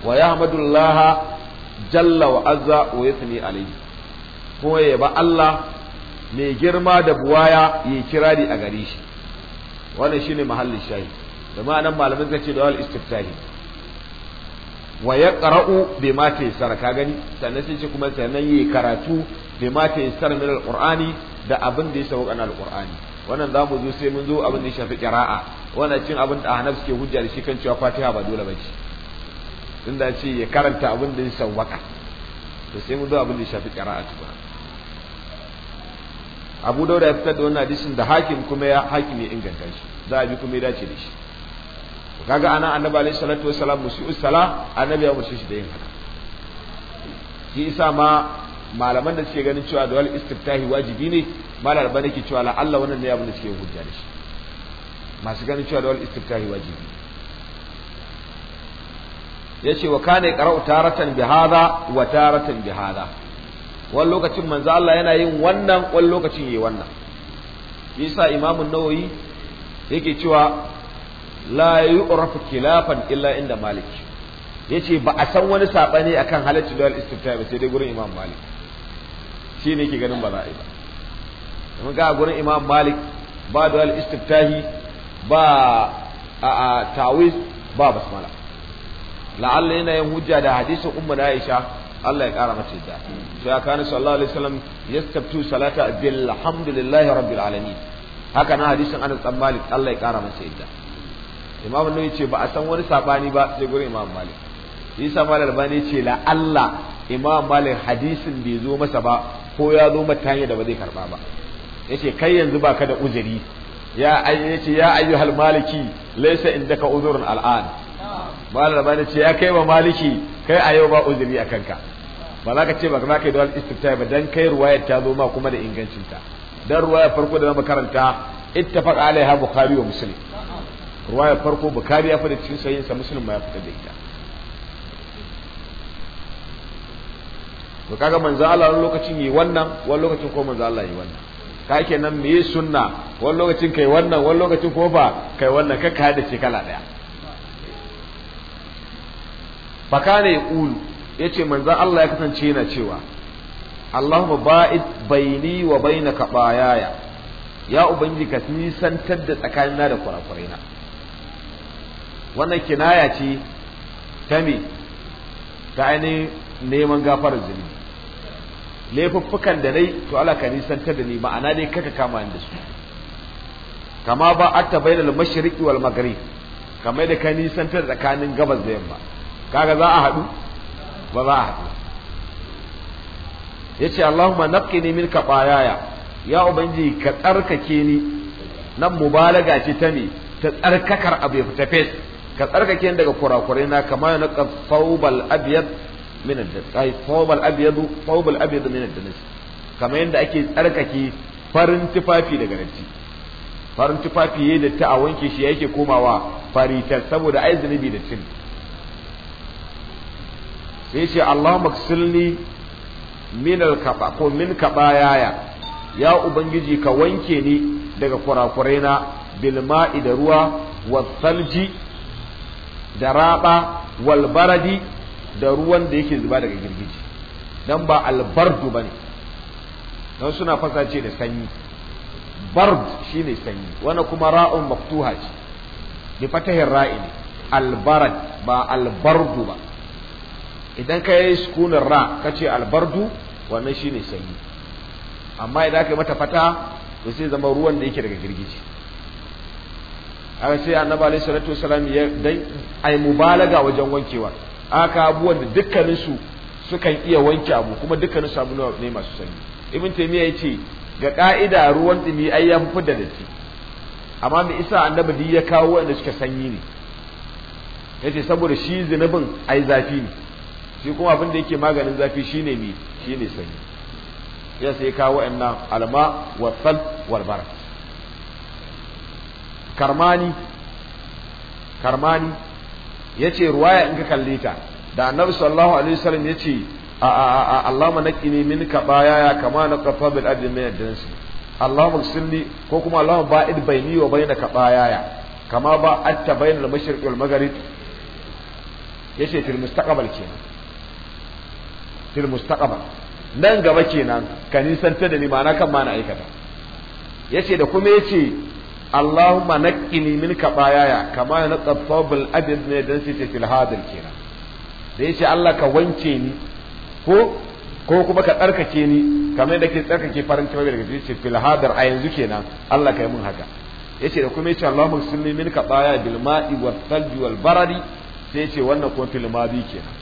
A: wa yahmadullah jalla wa azza wa yathni alayhi ya ba Allah mai girma da buwaya ya kirari a gare shi wannan shine mahallin shahi da ma'anan malamin zai ce wal istiftahi wa ya ƙara'u bai mata ya sara ka gani sannan sai ce kuma sannan yi karatu bai mata ya sara min qurani da abin da ya sauka al-qur'ani wannan za mu zo sai mun zo abin da ya shafi qira'a wannan cin abin da ahnaf suke hujja da shi kan cewa fatiha ba dole ba ce tunda ce ya karanta abin da ya sauka to sai mun zo abin da ya shafi qira'a tukuna abu Dawud ya fitar da wannan hadisin da hakim kuma ya hakimi ya inganta shi za a bi kuma ya dace da shi kaga ana annabi alayhi salatu wassalam musu usala annabi ya musu shi da yin haka shi isa ma malaman da suke ganin cewa dawal istiftahi wajibi ne malar ba nake cewa la Allah wannan ne ya da suke hujja da shi masu ganin cewa dawal istiftahi wajibi yace wa kana yaqra'u taratan bi hadha wa taratan bi hadha wani lokacin manzo Allah yana yin wannan wani lokacin yayi wannan yasa imamun nawawi yake cewa la yu'rafu khilafan illa inda malik yace ba a san wani sabani akan halacci da istifta ba sai dai gurin imam malik shi ne ke ganin ba za a yi ba mun ga gurin imam malik ba da istiftahi ba a tawiz ba basmala la'alla yana yin hujja da hadisin ummu aisha Allah ya kara mata yadda sai aka nabi sallallahu alaihi wasallam yastabtu salata bil hamdulillahi rabbil alamin haka na hadisin Anas bin Malik Allah ya kara masa yadda imam an ce ba a san wani sabani ba sai gurin imam malik isa malar bani ce la Allah imam malik hadisin bai zo masa ba ko ya zo mata hanyar da ba zai karba ba yace kai yanzu baka da uzuri ya yace ya ayyuhal maliki laysa indaka uzurun al'an malar bani ce ya kai wa maliki kai a yau ba uzuri a kanka ba za ka ce ba za ka yi dawal istiftai ba dan kai ruwayar ta zo ma kuma da ingancinta dan ruwayar farko da na makaranta ittafaq alaiha bukhari wa muslim ruwaya farko bukari ya fada cikin sahihin sa muslim ma ya fita da ita to kaga manzo Allah wani lokacin yi wannan wani lokacin ko manzo Allah yi wannan ka nan me yi sunna wani lokacin kai wannan wani lokacin ko ba kai wannan ka ka da ce kala daya fakane ulu yace manzo Allah ya kasance yana cewa Allahumma ba'id baini wa bainaka bayaya ya ubangiji ka nisantar da tsakanina da kurakuraina wannan kinaya ce ta me ta ainihin neman gafarar zunubi laifuffukan da nai to Allah ka ta da ni ma'ana dai kaka kama ni da su kama ba atta bainal mashriqi wal maghrib kamar da ka nisantar tsakanin gabas da yamma kaga za a haɗu ba za a haɗu yace Allahumma ne min khataayaaya ya ubangi ka tsarkake ni nan mubalaga ce ta ne ta tsarkakar abu ya fita fes ka tsarkake daga kurakurai na kama yana ka saubal abiyad min ad-dais saubal abiyad saubal abiyad min ad kama yanda ake tsarkake farin tufafi daga datti farin tufafi yayin da ta a wanke shi yake komawa faritar saboda ai zunubi da tin sai ce Allah maksilni min al-kaba ko min kabayaya ya ubangiji ka wanke ni daga kurakurai na bilma'i da ruwa wa salji da raba wal baradi da ruwan da yake zuba daga girgiji dan ba albardu bane dan suna fasa ce da sanyi bard shine sanyi wannan kuma ra'un maftuha ce bi fatahin ra'i ne albarad ba albardu ba idan ka yi sukunin ra ka ce albardu wannan shine sanyi amma idan ka yi mata fata to sai zama ruwan da yake daga girgiji aka sai annabi alaihi salatu wasalam ya dai ai mubalaga wajen wankewa aka abubuwan da dukkanin su sukan iya wanke abu kuma dukkanin sabulu ne masu sanyi ibn taymiya yace ga ka'ida ruwan dumi ai ya fi da datti amma mai isa annabi duk ya kawo wanda suka sanyi ne yace saboda shi zinubin ai zafi ne shi kuma abin da yake maganin zafi shine mi shine sanyi ya sai kawo wa'annan alma wa sal wal barak karmani karmani yace ruwaya in ka kalle ta da annabi sallallahu alaihi wasallam yace Allahumma naqini min kabaya kama qafa bil ardi min ad-dins Allahumma silli ko kuma Allahumma ba'id baini wa baina kabaya kama ba atta bainal mashriq wal maghrib yace fil mustaqbal kenan fil mustaqbal nan gaba kenan ka ta da ni na kan ma na aikata yace da kuma yace Allahumma naqqini min kabayaya kama na tsababul abid ne dan sai fil hadir kenan da yace Allah ka wanke ni ko ko kuma ka tsarkake ni kamar yadda ke tsarkake farin tufafi daga yace fil hadar a yanzu kenan Allah ka yi mun haka yace da kuma yace Allahumma sunni min kabaya bil ma'i wal thalbi wal barari sai yace wannan kuma fil madi kenan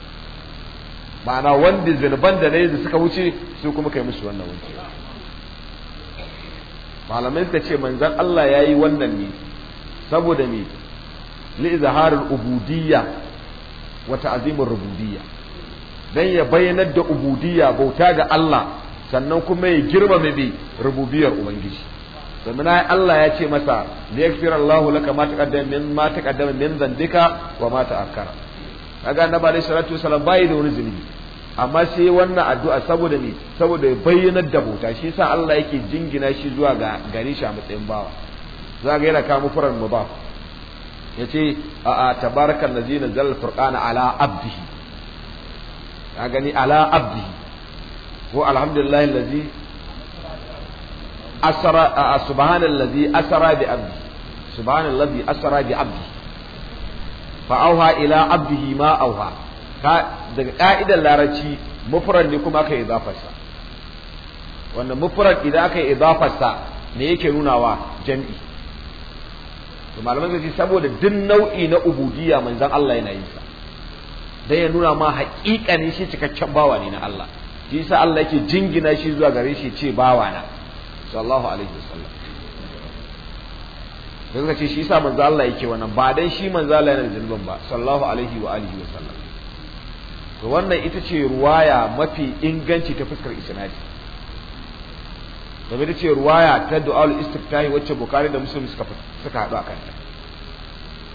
A: ma'ana wanda zulban da ne da suka wuce su kuma kai musu wannan wankewa malamai suka ce manzon Allah ya yi wannan ne saboda me li izharul ubudiyya wa ta'zimur rububiyya dan ya bayyanar da ubudiyya bauta ga Allah sannan kuma ya girmama bi rububiyar ubangiji sannan Allah ya ce masa li yaghfir Allahu laka ma taqaddama min ma taqaddama min dhanbika wa ma ta'akkara kaga annabi sallallahu alaihi wasallam bai da wani zunubi amma sai wannan addu'a saboda ne saboda bayyanar da bauta shi sa Allah yake jingina shi zuwa ga gare shi a matsayin bawa za ga yana kawo mufarar mu ba yace a a tabarakal ladzi nazzal furqana ala abdihi ka gani ala abdihi ko alhamdulillah ladzi asra subhanal ladzi asra bi abdi subhanal ladzi bi abdi fa auha ila abdihi ma auha daga ƙa'idar larabci mufrad ne kuma aka yi idafarsa wanda mufrad idan aka yi idafarsa me yake nunawa jam'i to malaman zai saboda duk nau'i na ubudiyya manzon Allah yana yin sa dan ya nuna ma haƙiƙanin shi cikakken bawa ne na Allah shi yasa Allah yake jingina shi zuwa gare shi ce bawa na sallallahu alaihi wasallam dan ce shi yasa manzon Allah yake wannan ba dan shi manzon Allah yana da zulmin ba sallallahu alaihi wa alihi wasallam wannan ita ce ruwaya mafi inganci ta fuskar isnadi domin ita ce ruwaya ta du'al istiftahi wacce bukari da muslim suka suka haɗu a kanta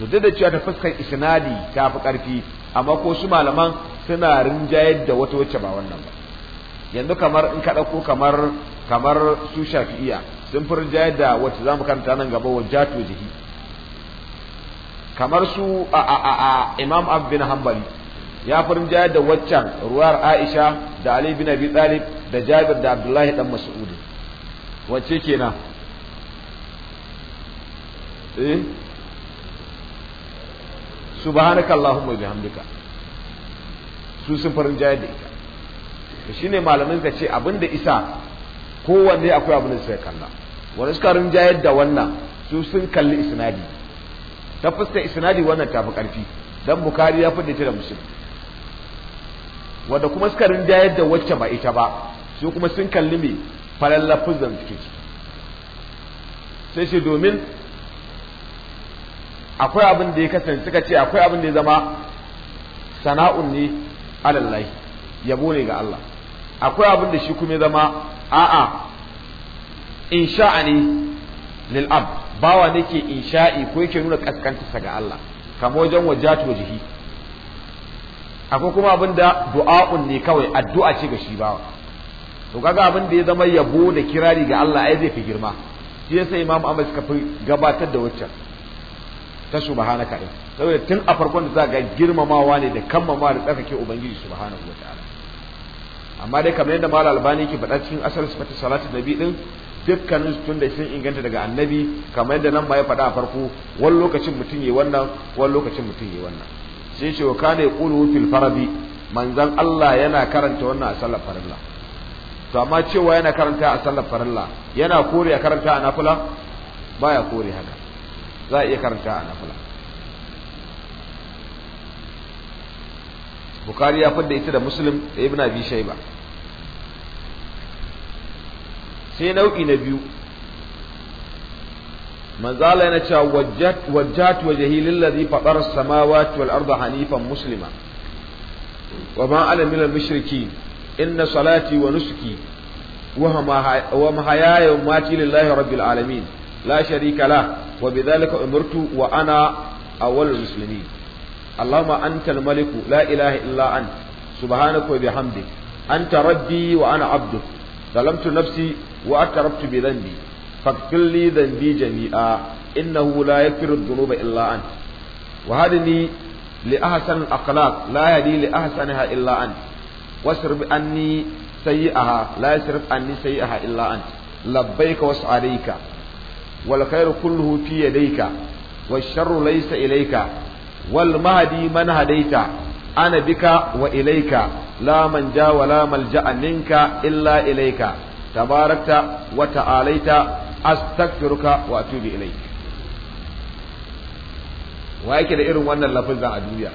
A: to duk da cewa ta fuskar isnadi ta fi ƙarfi amma ko su malaman suna rinjayar da wata wacce ba wannan ba yanzu kamar in ka dauko kamar kamar su shafi'iya sun fi rinjayar da wacce za mu karanta nan gaba wajato jihi kamar su a a a imam abu bin hanbali ya farin jayar da waccan ruwar Aisha da Ali bin Abi Talib da Jabir da Abdullahi dan Mas'ud wacce kenan eh subhanakallahumma bihamdika su sun farin jayar da ita to shine malamin ka ce abinda isa kowanne akwai abin da suka kalla wani suka jayar da wannan su sun kalli isnadi ta fuskar isnadi wannan tafi karfi dan bukari ya fi ta da musulmi wanda kuma suka rinjayar da wacce ba ita ba su kuma sun kalli mai faran lafizan suke sai shi domin akwai abin da ya kasance suka ce akwai abin da ya zama sana'un ne alallahi yabo ne ga Allah akwai abin da shi kuma ya zama a'a insha'a ne bawa ne ke in insha'i ko yake nuna kaskantarsa ga Allah kamar wajen wajatu wajihi akwai kuma abin da du'a'un ne kawai addu'a ce ga shi bawa to kaga abin da ya zama yabo da kirari ga Allah ai zai fi girma shi yasa Imam Ahmad suka fi gabatar da waccan ta subhanaka din saboda tun a farkon da za ga girmamawa ne da kammama da tsarkake ubangiji subhanahu wataala amma dai kamar yadda Malam Albani ke faɗa cikin asar sifatu salatu nabi din dukkanin tun da sun inganta daga annabi kamar yadda nan ba ya faɗa a farko wani lokacin mutum ya wannan wani lokacin mutum ya wannan sai ce wa kana yaqulu fil faradi manzan Allah yana karanta wannan a sallar farilla to amma cewa yana karanta a sallar farilla yana kore a karanta a nafila baya kore haka za a iya karanta a nafila bukari ya fadda ita da muslim da ibn abi shayba sai nau'i na biyu manzo Allah yana cewa wajjat wajjat wajhi lillazi fatara samawati wal arda hanifan muslima wa ma ana inna salati wa nusuki wa mahayaya wa lillahi rabbil alamin la sharika la wa bidhalika umirtu wa ana awwalul muslimin allahumma maliku la ilaha illa ant subhanaka wa bihamdik anta rabbi wa ana abduk ظلمت نفسي واعترفت بذنبي faƙil ni bi jami'a inna hula ya firar duro illa an Wahadini hadi ni li ahasan la yadi li ahsanha illa an wa sirb anni sayi'aha la yasrif anni sayi'aha illa an labbayka wa sa'alayka wal khayru kulluhu fi yadayka wal sharru laysa ilayka wal mahdi man hadayta ana bika wa ilayka la man ja wa la malja'a minka illa ilayka tabarakta wa ta'alayta astaghfiruka wa atubu ilayk wa yake da irin wannan lafazin a duniya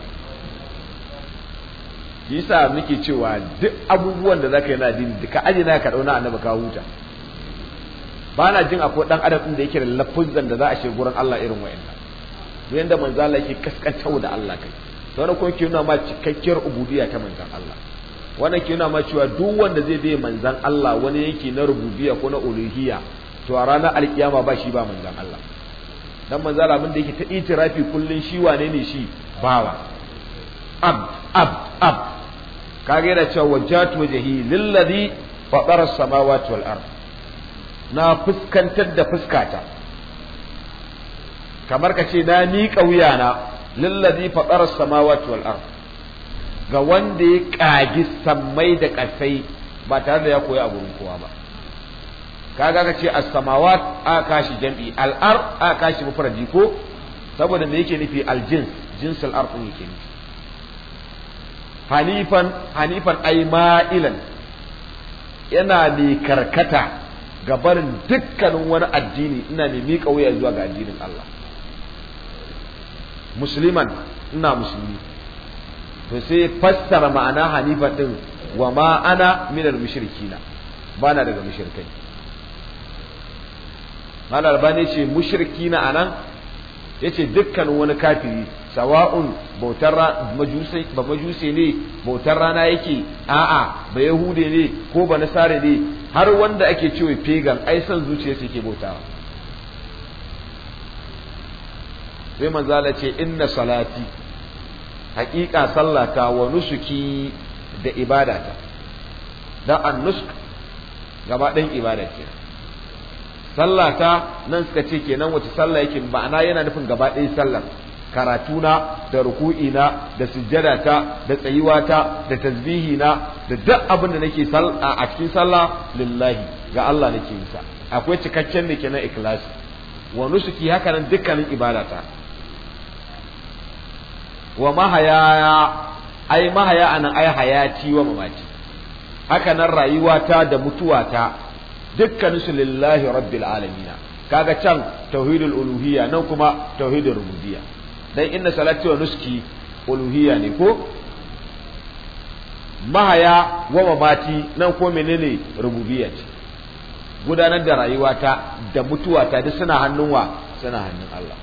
A: yasa muke cewa duk abubuwan da zaka yi na dini duka aje na ka dauna annaba ka huta ba na jin akwai dan adam da yake da lafazin da za a shiga gurin Allah irin wa'annan yanda manzo Allah yake kaskantar da Allah kai to wannan kuma ke nuna ma cikakkiyar ubudiyya ta manzon Allah wannan ke nuna ma cewa duk wanda zai bi manzon Allah wani yake na rububiyya ko na uluhiyya to a ranar alkiyama ba shi ba manzan Allah dan manzan abin da yake ta itirafi kullun shi wane ne shi bawa ab ab ab kage da cewa wajjatu wajhi lilladhi fatara samawati wal ard na fuskantar da fuskata kamar ka ce na miƙa wuyana lilladhi fatara samawati wal ard ga wanda ya kagi sammai da ƙasai ba tare da ya koyi a gurin kowa ba kaga ka ce as-samawat a kashi jam'i al-ard a kashi mufradi ko saboda me yake nufi al-jins jins jinsul ard yake nufi hanifan hanifan ay ma'ilan yana ne karkata ga barin dukkanin wani addini ina mai miƙa wuya zuwa ga addinin Allah musliman ina musulmi to sai fassara ma'ana hanifan din wa ma ana minal mushrikina bana daga mushrikai malar albani ce mushriki na anan yace dukkan wani kafiri sawa'un bautar majusi ba majusi ne bautar rana yake a'a ba yahude ne ko ba nasare ne har wanda ake cewa pagan ai san zuciyarsa yake bautawa sai manzala ce inna salati haƙiƙa sallata wa nusuki da ibadata da an nusk gaba ɗan ibada sallata nan suka ce kenan wace sallah yake ma'ana yana nufin gaba ɗaya sallar karatuna da ruku'ina da sujjadata da tsayuwata da tasbihina da duk abin da nake a cikin sallah lillahi ga Allah nake yi sa akwai cikakken da ke na ikhlasi wa nusuki haka nan dukkanin ibadata wa mahaya ai mahaya anan ai hayati wa mamati haka nan rayuwata da mutuwata dukkan lillahi rabbil alamin kaga can tauhidul uluhiyya nan kuma tauhidul rububiyya dan inna salati wa nuski uluhiyya ne ko mahaya wa mamati nan ko menene rububiyya ce gudanar da rayuwata da mutuwata duk suna hannun suna hannun Allah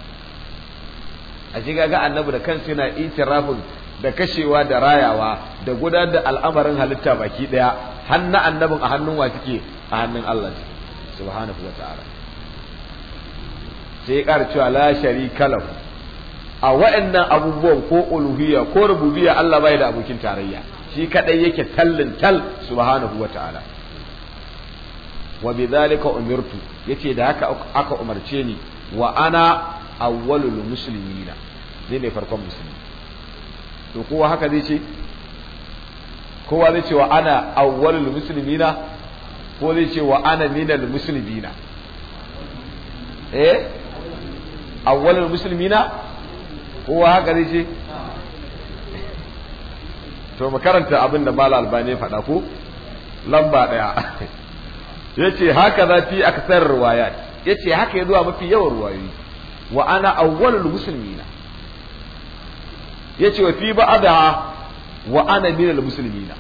A: a ji ga annabi da kansa yana itirafin da kashewa da rayawa da gudanar da al'amarin halitta baki daya hannun annabin a hannun wa suke a hannun Allah subhanahu wa ta'ala sai ƙar cewa la sharika lahu a wa'annan abubuwan ko uluhiyya ko rububiyya Allah bai da abokin tarayya shi kadai yake tallin tal subhanahu wa ta'ala wa bidhalika umirtu yace da haka aka umarce ni wa ana awwalul muslimina ni ne farkon musulmi to kowa haka zai ce kowa zai ce wa ana awwalul muslimina ko zai ce wa ana minal muslimina eh awwalul muslimina ko haka zai ce to mu karanta abin da mala albani ya faɗa ko lamba ɗaya <laughs> yace haka za fi aksar riwayat yace haka ya zuwa mafi yawan ruwayoyi wa ana awwalul Ya yace wa fi ba'da wa ana minal na?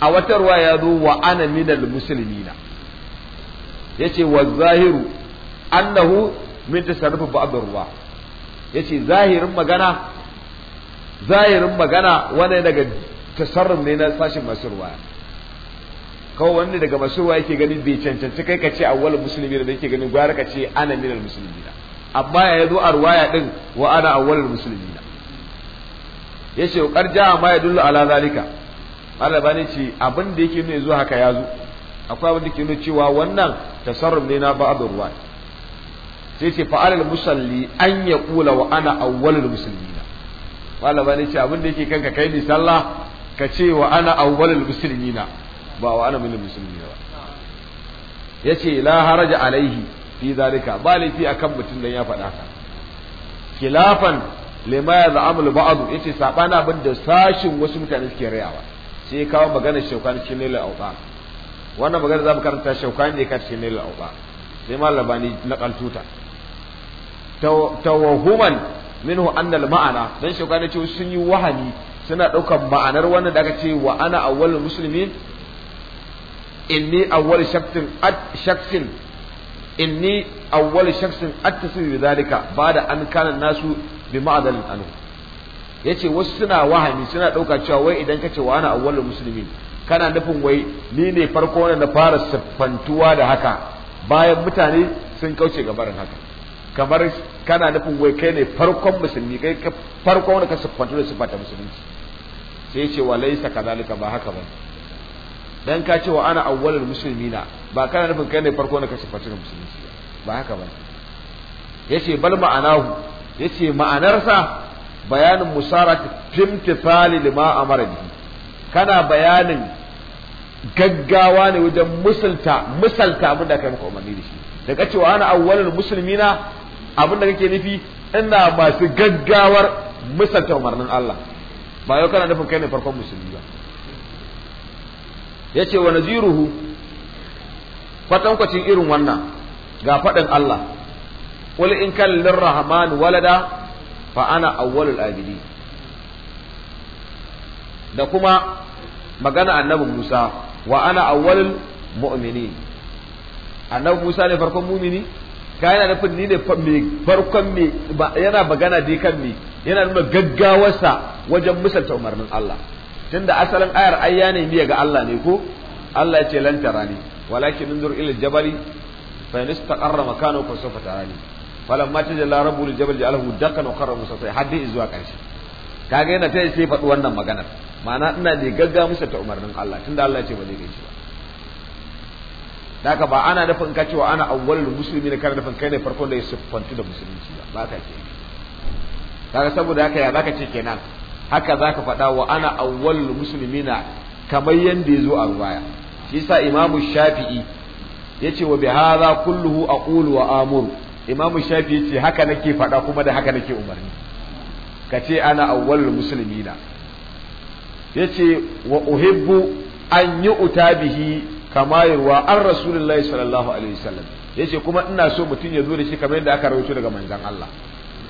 A: a wata ruwa ya zo wa ana minal ya ce wa zahiru annahu min tasarrufu ba'd ruwa ce zahirin magana zahirin magana wani daga tasarruf ne na sashin masu ruwa kawai wani daga masu ruwa yake ganin bai cancanci kai ka ce awwal musulmi da yake ganin gwara ka ce ana minal na? amma ya zo a ruwaya din wa ana awwal Ya ce ƙarja amma ma dullu ala zalika alabani ce abin da yake nuna zuwa haka ya zo akwai abin da yake nuna cewa wannan tasarruf ne na ba'd ruwa sai ce al musalli an ya kula wa ana awwalul muslimina alabani ce abin da yake kanka kai ni sallah ka ce wa ana awwalul muslimina ba wa ana minal muslimina ba yace la haraja alaihi fi zalika ba fi akan mutum dan ya faɗa ka. khilafan lima ya za'amul ba'd yace sabana abin da sashin wasu mutane suke rayawa sai kawo maganar shaukani cikin lilal auta wannan maganar za mu karanta shaukani ne ka cikin lilal auta sai ma labani na kaltuta tawahuman minhu annal ma'ana dan shaukani ce sun yi wahani suna ɗaukar ma'anar wannan da aka ce wa ana awwalul muslimin inni awwal shaksin shaksin inni awwal shaksin attasu bi zalika ba'da an kana nasu bi ma'adalin anhu yace wasu suna wahami suna ɗauka cewa wai idan kace wa ana awwalul muslimin kana nufin wai ni ne farko wanda na fara siffantuwa da haka bayan mutane sun kauce gabarin haka kamar kana nufin wai kai ne farkon musulmi kai farkon wanda ka siffantu da siffata musulunci sai ce wa laisa kadalika ba haka ba dan ka ce wa ana awwalul muslimina ba kana nufin kai ne farko na ka siffantu da musulunci ba haka ba yace bal ma'anahu yace ma'anarsa bayanin musara timtithali lima amara bihi kana bayanin gaggawa ne wajen musulta musulta abin da kai maka umarni da shi da cewa ana awwalul muslimina abin kake nufi ina masu gaggawar musulta umarnin Allah ba yau kana nufin kai ne farkon musulmi ba yace wa naziruhu kwacin irin wannan ga faɗin Allah wal in kan lirrahman walada fa ana awwalul abidi da kuma magana annabi Musa wa ana awwalul mu'mini annabi Musa ne farkon mumini ka yana nufin ni ne farkon me yana magana dai kan me yana nuna gaggawarsa wajen misalta umarnin Allah tunda asalin ayar ayya ne miya ga Allah ne ko Allah ya ce lan tarani walakin indur ila jabali fa in istaqarra makanahu fa sawfa tarani falamma tajalla rabbul jabal ja'alahu dakkan wa qarra musa sai haddi zuwa karshe kage yana ta sai faɗi wannan maganar ma'ana ina da gagga musa ta umarnin Allah tunda Allah ce ba zai gaishe ba daka ba ana nufin kace cewa ana awwalul muslimin kana nufin kai ne farkon da ya siffantu da musulunci ba ka ce kaga saboda haka ya baka ce kenan haka zaka faɗa wa ana awwalul muslimina kamar yanda yazo a ruwaya shi yasa imamu shafi'i yace wa bihadha kulluhu aqulu wa amuru imamu shafi ce haka nake faɗa kuma da haka nake umarni ka ce ana awwalul muslimina yace wa uhibbu an yi uta bihi kama yarwa an rasulullahi sallallahu alaihi wasallam yace kuma ina so mutum ya zo da shi kamar yadda aka rawaito daga manzan Allah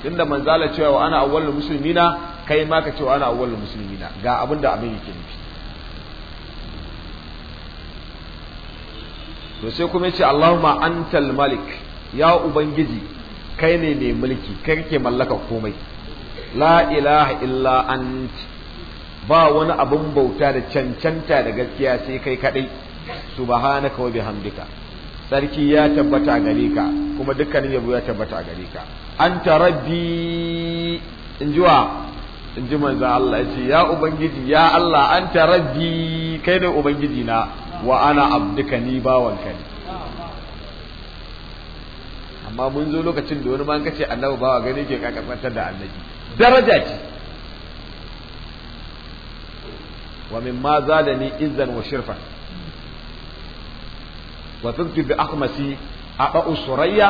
A: tunda manzala cewa wa ana awwalul muslimina kai ma ka cewa ana awwalul muslimina ga abin da abin yake nufi to sai kuma yace Allahumma antal malik ya ubangiji kai ne mai mulki kai kake mallaka komai la ilaha illa anti ba wani abin bauta da cancanta da gaskiya sai kai kadai subhanaka wa bihamdika sarki ya tabbata gare ka kuma dukkanin yabo ya tabbata gare ka anta rabbi in inji manzo Allah ce ya ubangiji ya Allah anta rabbi kai ne ubangiji na wa ana abdukani ni bawanka ne amma mun zo lokacin da wani ma kace ba bawa gani ke kakasantar da annabi daraja ce wa min ma zalani izzan wa shirfa wa tuntu bi akhmasi aba usurayya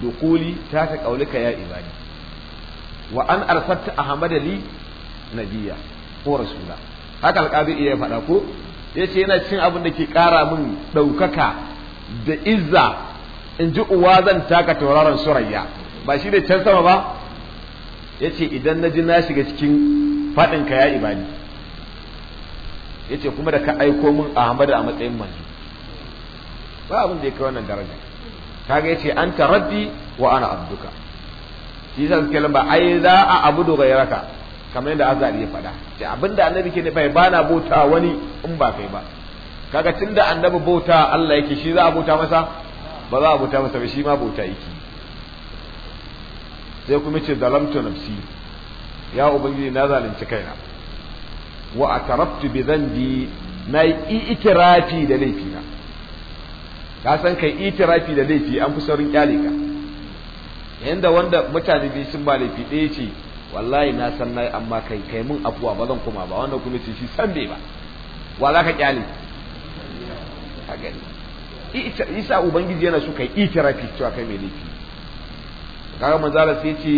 A: dukuli ta ka kaulika ya ibadi wa an arsalta ahmada li nabiyya ko rasula haka alqabi iya faɗa ko yace yana cin abin da ke ƙara min ɗaukaka da izza in ji uwa zan taka tauraron surayya ba shi ne can sama ba ya ce idan na ji na shiga cikin faɗinka ya ibani ya ce kuma da ka aiko min ahmadu a matsayin manzo ba abin da ya kai wannan daraja kaga ya ce an rabbi wa ana abduka shi zan suke lamba ai za a abu abudu raka kamar yadda azari ya faɗa ce abinda annabi ke nufai ba na bauta wani in ba kai ba kaga tunda annabi bauta Allah yake shi za a bauta masa ba za a bauta masa ba shi ma bauta yake sai kuma ce zalamtu nafsi ya ubangiji na zalunci kaina wa atarabtu bi dhanbi na yi itirafi da laifina ka san kai itirafi da laifi an fi saurin kyale ka yanda wanda mutane bi sun ba laifi ɗaya ce wallahi na san nayi amma kai kai mun afuwa ba zan kuma ba wannan kuma ce shi san bai ba wa za ka kyale a gani isa ubangiji yana so kai itirafi cewa kai mai laifi kaga manzala sai ce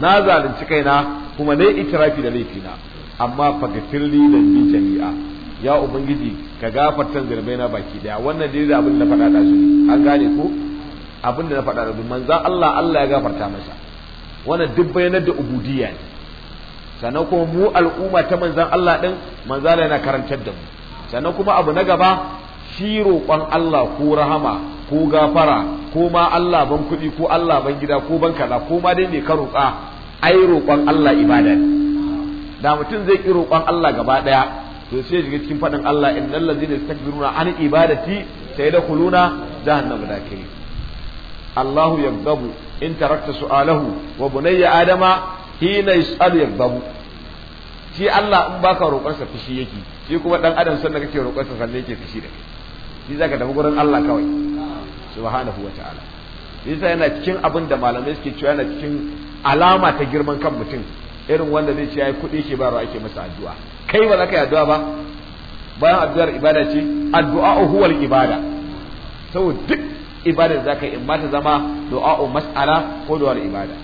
A: na zalunci kaina kuma ne itirafi da laifina amma fagatirli da bi jami'a ya ubangiji ka gafartan zirbe na baki daya wannan dai da abin da faɗa da su an gane ko abin da na faɗa da su manzan Allah Allah ya gafarta masa wannan duk bayanar da ubudiyya ne sannan kuma mu al'umma ta manzan Allah din manzala yana karantar da mu sannan kuma abu na gaba shi roƙon Allah ko rahama ko gafara ko ma Allah ban kuɗi ko Allah ban gida ko ban kaza ko ma dai me ka roƙa ai roƙon Allah ibada da mutum zai ki roƙon Allah gaba ɗaya to sai shiga cikin faɗin Allah innal ladzina yastakbiruna an ibadati sayadkhuluna jahannam kai. Allah yagdabu in tarakta su'alahu wa bunayya adama hina yas'alu yagdabu shi Allah in baka roƙarsa fushi yake shi kuma dan adam sannan kake roƙarsa sannan yake fushi da kai shi ka tafi gurin Allah kawai subhanahu wa ta'ala yasa yana cikin abin da malamai suke cewa yana cikin alama ta girman kan mutum irin wanda zai ce yayi kuɗi ke bayarwa ake masa addu'a kai ba za ka yi addu'a ba bayan addu'ar ibada ce addu'a huwal ibada saboda duk ibadar za ka yi in ma ta zama du'a'u mas'ala ko du'ar ibada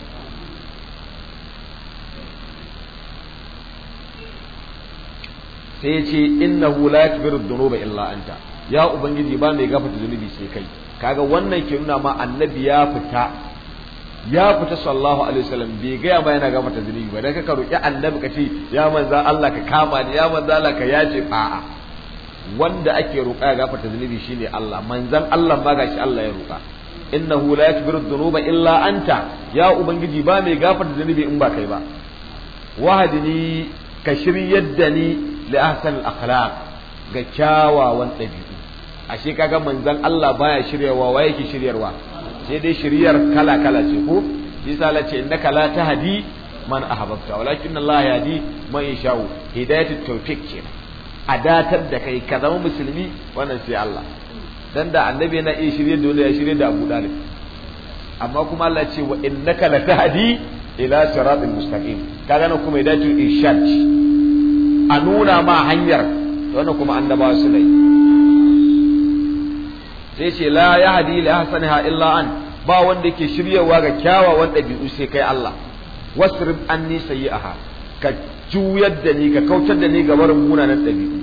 A: sai ya ce innahu la yakbiru dhunuba illa anta ya ubangiji ba mai gafata zunubi sai kai kaga wannan ke nuna ma annabi ya fita ya fita sallallahu alaihi wasallam bai gaya ma yana gafata zunubi ba dan ka roki annabi ka ce ya manzo Allah ka kama ni ya manzo Allah ka yace a'a wanda ake roka ya gafata zunubi shine Allah manzon Allah ma gashi Allah ya roka innahu la yakbiru dhunuba illa anta ya ubangiji ba mai gafata zunubi in ba kai ba wahadini ka shiryar da ni li ahsan al akhlaq ga kyawawan ɗabi'u ashe kaga manzon Allah baya shiryarwa wa yake shiryarwa sai dai shiryar kala kala ce ko bisa la ce innaka la tahdi man ahbabta walakin Allah yahdi man yasha hidayatut tawfiq ce a datar da kai ka zama musulmi wannan sai Allah dan da annabi yana iya shirye da wani ya shirye da Abu Dalib amma kuma Allah ce wa innaka la tahdi ila siratil mustaqim kaga nan kuma idatu irshad a nuna ma hanyar wannan kuma annabawa su sai ce la ya yahdi li ahsaniha illa an ba wanda yake shiryawa ga kyawawan ɗabi'u sai kai Allah wasrib anni sayyi'aha ka juyar da ni ka kautar da ni ga barin munanan ɗabi'u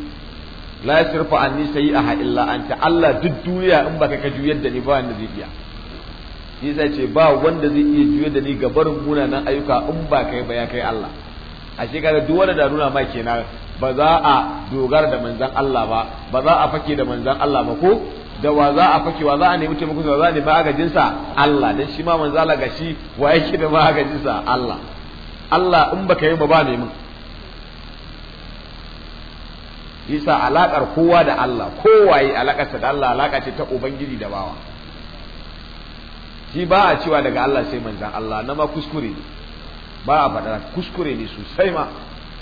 A: la yasrifu anni sayyi'aha illa anta Allah duk duniya in baka ka juyar da ni ba wanda zai iya shi sai ce ba wanda zai iya juyar da ni ga barin munanan ayyuka in ba kai ba ya kai Allah ashe shekarar duk wanda da nuna ma kenan ba za a dogara da manzon Allah ba ba za a fake da manzon Allah ba ko da wa za a fake wa za a nemi taimako wa za a nemi agajin sa Allah dan shi ma manzo Allah gashi wa yake da agajin sa Allah Allah in baka yi ba ba nemi yasa alakar kowa da Allah kowaye alakarsa da Allah alaka ce ta ubangiji da bawa shi ba a cewa daga Allah sai manzan Allah na ma kuskure ne ba a faɗa kuskure ne sosai ma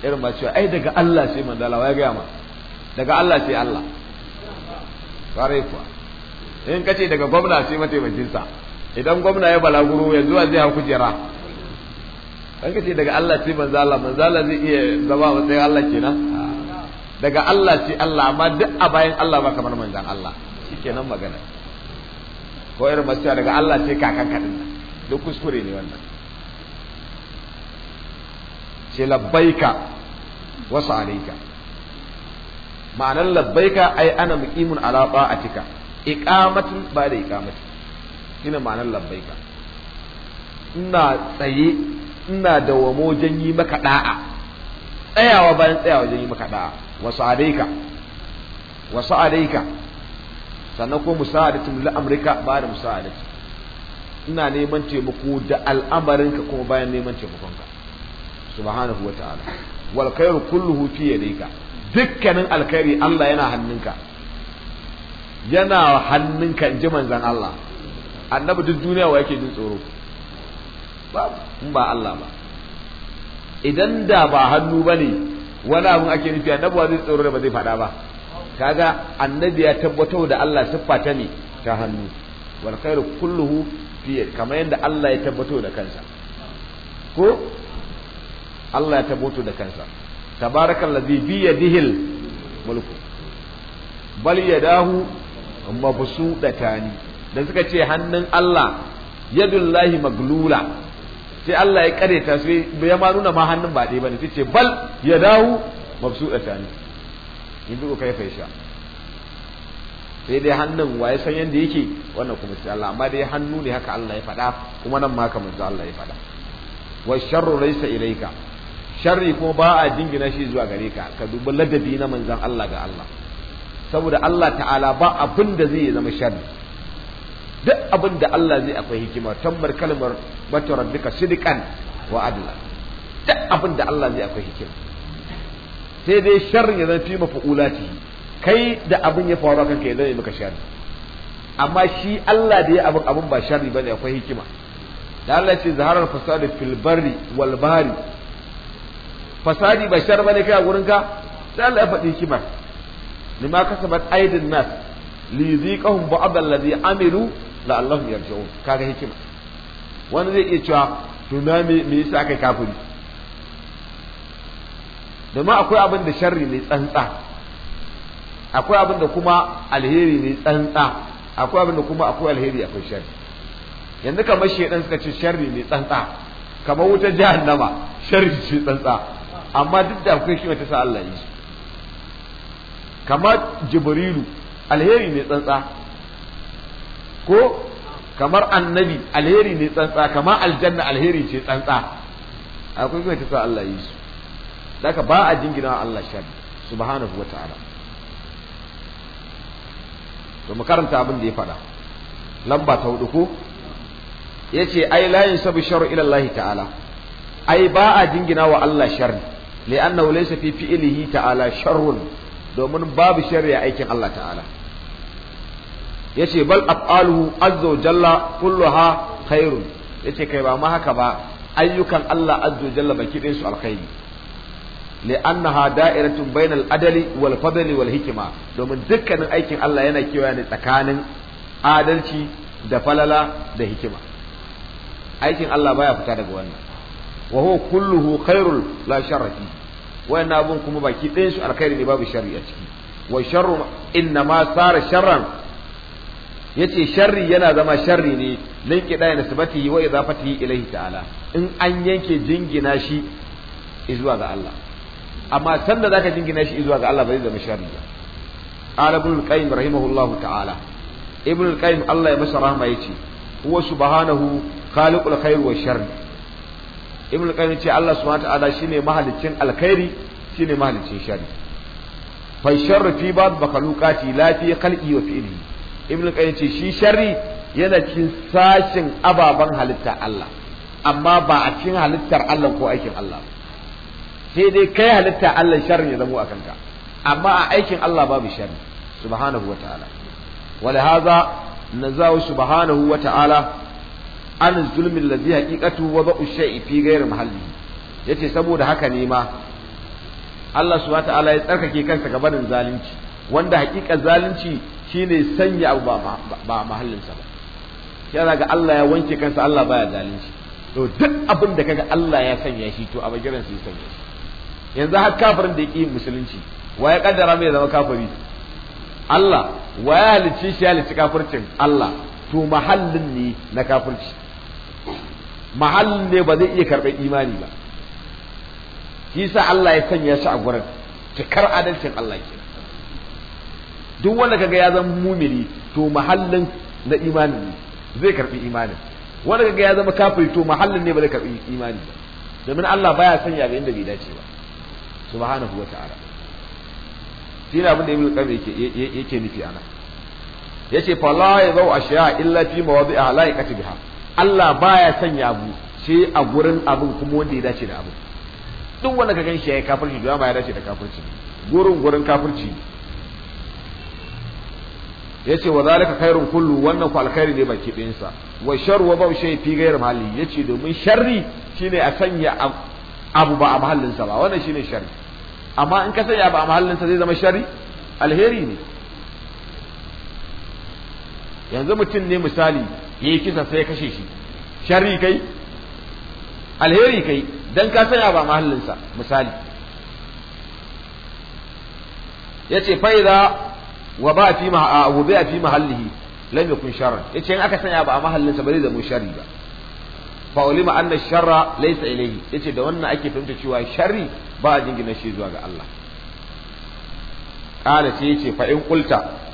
A: irin ba cewa ai daga Allah sai manzan Allah ya gaya ma daga Allah sai Allah kwarai kuwa in kace daga gwamna sai sa idan gwamna ya balaguro yanzu a zai hau jira an kace daga Allah sai manzo Allah manzo Allah zai iya zama matsayin Allah kenan daga Allah sai Allah amma duk a bayan Allah ba kamar manzon Allah shikenan magana ko irin masu daga Allah sai kakan kadin duk kuskure ne wannan sai labbaika wasu alaika ma'anar labbaika ai ana muqimun ala ta'atika iqamatin ba da iqamati ina ma'anar labbaika ina tsaye ina dawamo wajen yi maka da'a tsayawa bayan tsayawa wajen yi maka da'a wasu sa'adaika wasu sa'adaika sannan ko musa'adatin li amrika ba da musa'adati ina neman taimako da al'amarinka kuma bayan neman taimakonka subhanahu wa ta'ala wal khairu kulluhu fi yadayka dukkanin alkhairi Allah yana hannunka yana hannunka in ji manzan Allah annabi duk duniya wa yake jin tsoro ba in ba Allah ba idan da ba hannu ba ne wani abin ake nufi annabi ba zai tsoro da ba zai faɗa ba kaga annabi ya tabbatar da Allah siffa ta ne ta hannu wal khairu kulluhu fi kamar yadda Allah ya tabbatar da kansa ko Allah ya tabbatar da kansa الذي في يده mulku bal يداه مبسوطتان da suka ce hannun Allah yadullahi maglula sai Allah ya kare ta sai ya ma nuna ma hannun ba ɗaya bane sai ce bal yadahu mabsutatani yanzu ko kai faisha sai dai hannun wa ya san yadda yake wannan kuma sai Allah amma dai hannu ne haka Allah ya faɗa kuma nan ma kamar Allah ya faɗa wa sharru laysa ilayka sharri kuma ba a jingina shi zuwa gare ka ka dubi ladabi na manzan Allah ga Allah saboda Allah ta'ala ba abin da zai zama sharri duk abin da Allah zai akwai hikima tambar kalmar bata rabbika sidqan wa adla duk abin da Allah zai akwai hikima sai dai sharri ya zama fi mafu'ulati kai da abin ya faru kanka ya zama maka sharri amma shi Allah da ya abin abin ba sharri bane akwai hikima da Allah ce zaharar fasadi fil barri wal bari fasadi ba shar bane kai a gurin ka sai Allah ya faɗi kima lima kasabat aidin nas li yuziqahum ba'd allazi amilu la'allahum yarji'un kaga hikima wani zai iya cewa to na me me yasa kai kafiri domin akwai abin da sharri ne tsantsa akwai abin da kuma alheri ne tsantsa akwai abin da kuma akwai alheri akwai sharri yanzu kamar shedan suka ce sharri ne tsantsa kamar wutar jahannama sharri ce tsantsa amma duk da akwai shi wata sa Allah yi kamar jibrilu alheri ne tsantsa ko kamar annabi alheri ne tsantsa kamar aljanna alheri ce tsantsa akwai kuma ta sa Allah yi su daga ba a jingina Allah shari subhanahu wa ta'ala to mu karanta abin da ya faɗa lamba ta hudu ko yace ai la yunsabu shar'u ila Allah ta'ala ai ba a jingina wa Allah sharri li'annahu laysa fi fi'lihi ta'ala sharrun domin babu sharri a aikin Allah ta'ala yace bal af'aluhu azza wa jalla kulluha khairun yace kai ba ma haka ba ayyukan Allah azza jalla baki ɗayan su alkhairi li'annaha da'iratun bainal adali wal fadli wal hikima domin dukkanin aikin Allah yana kewa ne tsakanin adalci da falala da hikima aikin Allah baya fita daga wannan wa huwa kulluhu khairul la sharra fi wayan abun kuma baki ɗayan su alkhairi ne babu sharri a ciki wa sharru inna ma sara sharran yace sharri yana zama sharri ne lin kidaya nisbatihi wa idafatihi ilayhi ta'ala in an yanke jingina shi zuwa ga Allah amma sanda zaka jingina shi zuwa ga Allah bai zama sharri ba qala ibn al-qayyim rahimahullahu ta'ala ibn al-qayyim Allah ya masa rahma yace huwa subhanahu khaliqul khair wa sharri Ibn qayyim ce Allah subhanahu ta'ala shine mahalicin alkhairi shine mahalicin shari fa sharri fi bab makhluqati la fi khalqi wa fi'li Ibn qayyim ce shi sharri yana cikin sashin ababan halitta Allah amma ba a cikin halittar Allah ko aikin Allah sai dai kai halitta Allah sharri ya zamo a kanka amma a aikin Allah babu sharri subhanahu wa ta'ala wa lahaza nazawu subhanahu wa ta'ala an zulmin lazi haƙiƙatu wa ba'u shay'i fi ghairi mahalli yace saboda haka ne ma Allah subhanahu ta'ala ya tsarkake kansa ga barin zalunci wanda haƙiƙa zalunci shine sanya abu ba ba mahallinsa ba yana ga Allah ya wanke kansa Allah baya zalunci to duk abin da kaga Allah ya sanya shi to a bagiran sai sanya shi yanzu har kafirin da ya yake musulunci wa ya kaddara mai zama kafiri Allah wa ya halicci shi halicci kafircin Allah to mahallin ne na kafirci mahallin ne ba zai iya karɓar imani ba shi sa Allah ya sanya shi a gurin cikar adalcin Allah ke duk wanda kaga ya zama mumini to mahallin na imanin ne zai karɓi imanin wanda kaga ya zama kafiri to mahallin ne ba zai karɓi imani ba domin Allah baya sanya ga inda bai dace ba subhanahu wa ta'ala shi ne abinda da ibnu qayyim yake yake nufi ana yace fa la yadau ashiya illa fi mawadi'a la yaqati biha Allah baya sanya abu sai a gurin abin kuma wanda ya dace da abin duk wanda ka gan shi ya yi kafirci to ba ya dace da kafirci gurin gurin kafirci yace wa zalika khairun kullu wannan ku alkhairi ne baki ɗayan sa wa sharru wa bau shay fi ghairi mahalli yace domin sharri shine a sanya abu ba a mahallin sa ba wannan shine sharri amma in ka sanya ba a mahallin sa zai zama sharri alheri ne yanzu mutum ne misali Yi kisa sai kashe shi sharri kai alheri kai don ka sanya ba mahallinsa misali yace ce idza wa ba fi ba fi mahallihi lam yakun sharran ce in aka sanya ba a mahallinsa ba zai zama shari ba fa ulima anna sharra laysa ilayhi yace da wannan ake fahimta cewa sharri ba a jingina shi zuwa ga Allah qala ce yace fa in qulta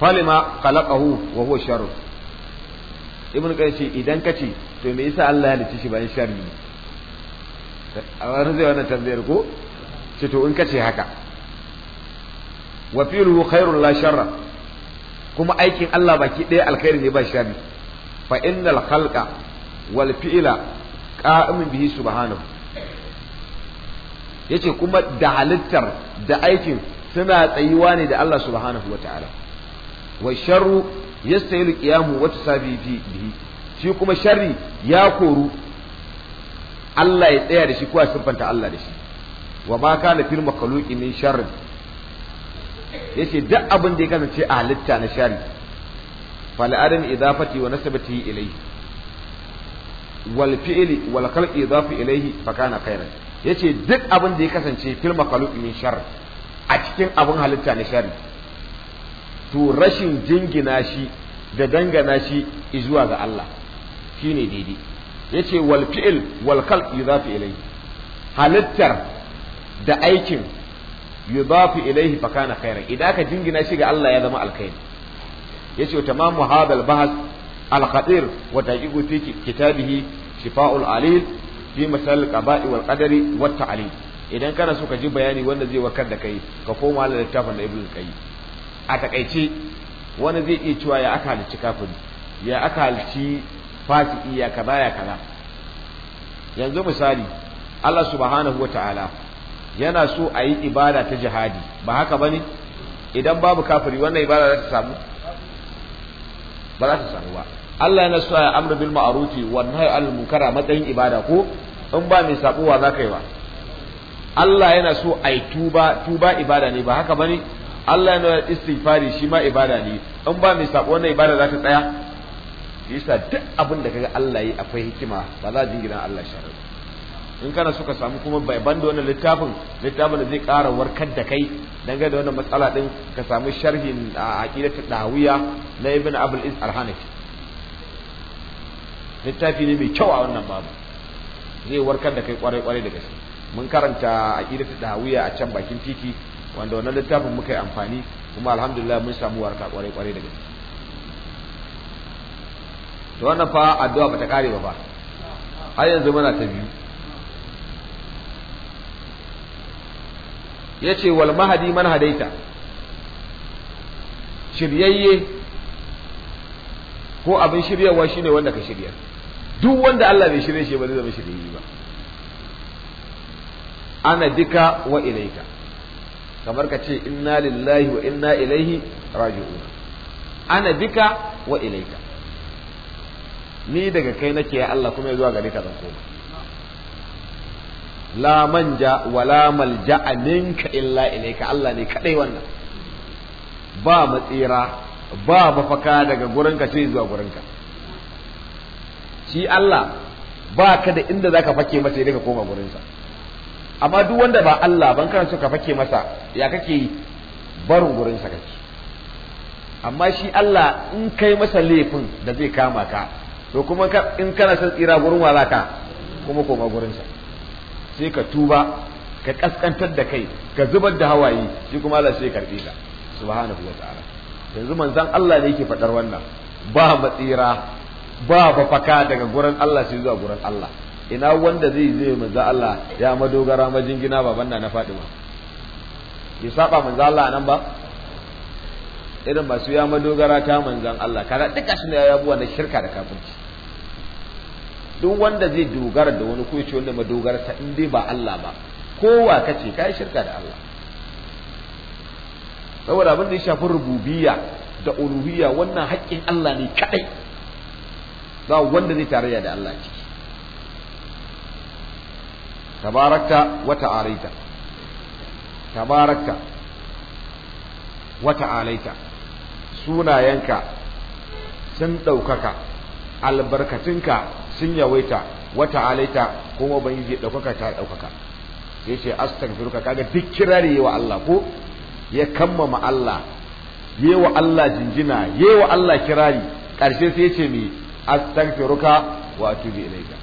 A: falima khalaqahu wa huwa sharr ibn qayyim idan kace to me yasa Allah ya halice shi bayan sharri a wani zai wannan tambayar ko ce to in kace haka wa fi'luhu khairun la sharra kuma aikin Allah baki ɗaya alkhairi ne ba sharri fa innal khalqa wal fi'la qa'imun bihi subhanahu yace kuma da halittar da aikin suna tsayuwa ne da Allah subhanahu wa ta'ala wa sharru yastahilu qiyamu wa tusabi bihi shi kuma sharri ya koru Allah ya tsaya da shi ko ya siffanta Allah da shi wa ma kana fil makhluqi min sharr yace duk abin da ya kasance a halitta na sharri fal adam idafati wa nasabati ilayhi wal fi'li wal khalqi idafi ilayhi fa kana khairan yace duk abin da ya kasance fil makhluqi min sharr a cikin abin halitta na sharri to rashin jingina shi da dangana shi zuwa ga Allah shine daidai yace wal fi'l wal khalq yudafu ilayhi halittar da aikin yudafu ilayhi fa kana khairan idan ka jingina shi ga Allah ya zama alkhairi yace tamamu hadal bahas al khatir wa taqiqu fi kitabihi shifa'ul alil fi masal qaba'i wal qadari wat idan kana so ka ji bayani wanda zai warkar da kai ka koma littafin da ibnu qayyim a takaice wani zai iya cewa ya aka halici kafin ya aka halici fasiki ya kaza ya kaza yanzu misali Allah subhanahu wa ta'ala yana so a yi ibada ta jihadi ba haka ba ne idan babu kafiri wannan ibada za ta samu ba za ta samu ba Allah yana so ya amru bil ma'rufi wa nahy anil munkara matsayin ibada ko in ba mai sabuwa za ka yi ba Allah yana so a yi tuba tuba ibada ne ba haka bane Allah yana istighfari shi ma ibada ne in ba mai sako wannan ibada za ta tsaya yasa duk abin da kaga Allah yi akwai hikima ba za a jingina Allah sharri in kana suka samu kuma bai banda wannan littafin littafin da zai ƙara warkar da kai dangane da wannan matsala din ka samu sharhin a aqidat dawiya na ibn abul is al littafi ne mai kyau a wannan babu zai warkar da kai kwarai kwarai da gaske mun karanta aqidat dawiya a can bakin titi wanda wannan littafin muka yi amfani kuma alhamdulillah mun samu warka kwarai kwarai daga shi to wannan fa addu'a bata kare ba ba har yanzu muna ta biyu yace wal mahadi man hadaita shiryayye ko abin shiryawa shine wanda ka shirya duk wanda Allah bai shirye shi ba zai zama shiryayye ba ana dika wa ilaika kamar ka ce inna lillahi wa inna ilaihi raji'un ana bika wa ilaika ni daga kai nake ya Allah kuma zuwa gare ka zan koma la manja wa la malja minka illa ilaika Allah ne kadai wannan ba matsira ba mafaka daga gurinka sai zuwa gurinka shi Allah ba ka da inda zaka fake masa daga koma gurinsa amma duk wanda ba Allah ban kana so ka fake masa ya kake barin gurin sa kake amma shi Allah in kai masa laifin da zai kama ka to kuma in kana son tsira gurin walaka, kuma koma gurin sa sai ka tuba ka kaskantar da kai ka zubar da hawaye shi kuma Allah sai karbe ka subhanahu wataala yanzu manzon Allah ne yake faɗar wannan ba matsira ba bafaka daga gurin Allah sai zuwa gurin Allah ina wanda zai zai manzo Allah ya madogara majingina baban na na ba ya saba manzo Allah nan ba irin masu ya madogara ta manzan Allah kaga duka shi ne ya buwa na shirka da kafirci duk wanda zai dogara da wani ko wanda madogara ta in dai ba Allah ba kowa kace kai shirka da Allah saboda abin da ya shafi rububiyya da uluhiyya wannan haƙƙin Allah ne kadai ba wanda zai tarayya da Allah ce tabaraka wa ta'alaita tabaraka wa ta'alaita sunayenka sun daukaka albarkatinka sun yawaita wa ta'alaita kuma ban yi daukaka ta daukaka sai ce astaghfiruka kaga duk kirari wa Allah ko ya kammama Allah yewa Allah jinjina yewa Allah kirari ƙarshe sai ce me astaghfiruka wa atubu ilaika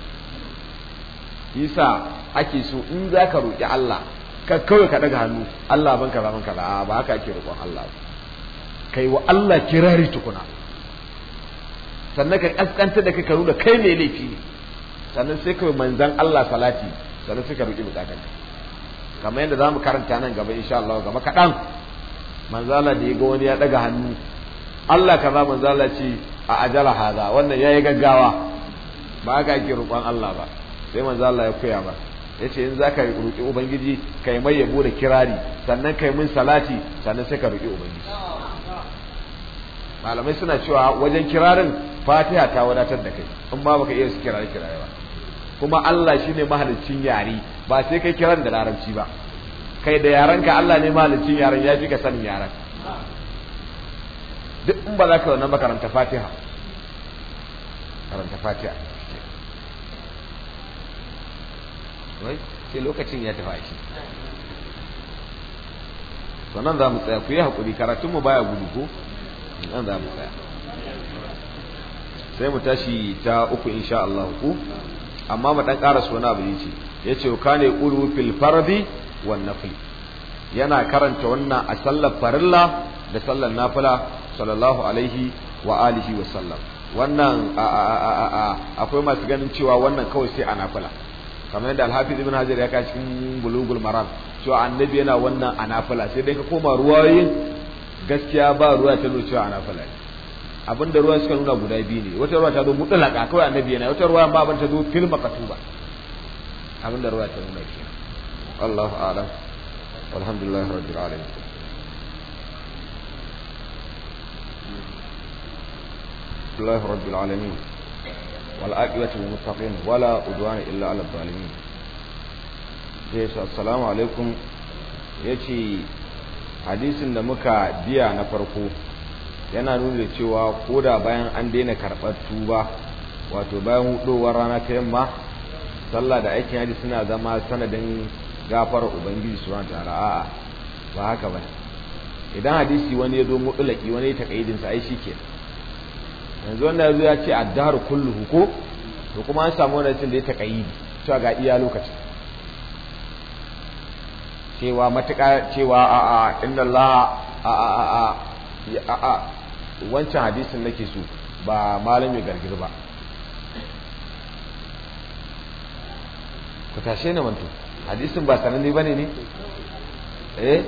A: isa ake so in za ka roƙi Allah ka kawai ka daga hannu Allah banka kaza ban kaza ba haka ake roƙon Allah kai wa Allah kirari tukuna sannan ka kaskanta da ka da kai mai laifi ne sannan sai kai manzan Allah salati sannan sai ka roƙi bukatanka kamar yadda zamu karanta nan gaba insha Allah gaba kaɗan manzala da ya ga wani ya daga hannu Allah kaza manzala ce a ajala haza wannan yayi gaggawa ba haka ake roƙon Allah ba sai manzala ya koya ba yace in zaka roki ubangiji kai mai yabo da kirari sannan kai min salati sannan sai ka roki ubangiji malamai suna cewa wajen kirarin fatiha ta wadatar da kai in ma baka iya su kirare kirare ba kuma Allah shine mahalicin yare ba sai kai kiran da larabci ba kai da yarenka Allah ne mahalicin yaren ya fi ka sanin yaren duk in ba za ka wannan makaranta fatiha karanta fatiha wai sai lokacin ya tafi shi sannan za mu tsaya ku yi haƙuri karatunmu baya gudu ko nan za mu
B: tsaya sai mu tashi
A: ta uku insha Allah ku amma mu dan ƙara suna abu yace yace ne yaqulu fil fardi wan nafli yana karanta wannan a sallar farilla da sallar nafila sallallahu alaihi wa alihi wa sallam wannan akwai masu ganin cewa wannan kawai sai a nafila kamar yadda alhafiz ibn hajar ya kawo cikin bulugul maram cewa annabi yana wannan anafala sai dai ka koma ruwayoyin gaskiya ba ruwa ta nuna cewa anafala ne abinda ruwa suka nuna guda biyu ne wata ruwa ta zo mutlaka kawai annabi yana wata ruwa ba ban ta zo filma katuba abinda ruwa ta nuna ke Allahu a'lam alhamdulillah rabbil alamin الله رب العالمين والعاقبة للمتقين ولا عدوان إلا على الظالمين السلام عليكم يجي hadisin da muka biya na farko yana nuna da cewa ko da bayan an daina karɓar tuba wato bayan hudowar rana ta yamma sallah da aikin yaji suna zama sanadin gafar ubangiji subhanahu ta'ala a'a ba haka ba idan hadisi wani ya zo mutsulaki wani ya takaidin sa ai yanzu wannan yanzu ya ce addahar kullu ko to kuma an samu wannan da ya taƙayi cewa ga iya lokacin cewa matuƙa cewa a a inna Allah a a a a a wancan hadisin nake so ba malami gargir ba ku tashe ni wanto hadisin ba sananne ba ne ne eh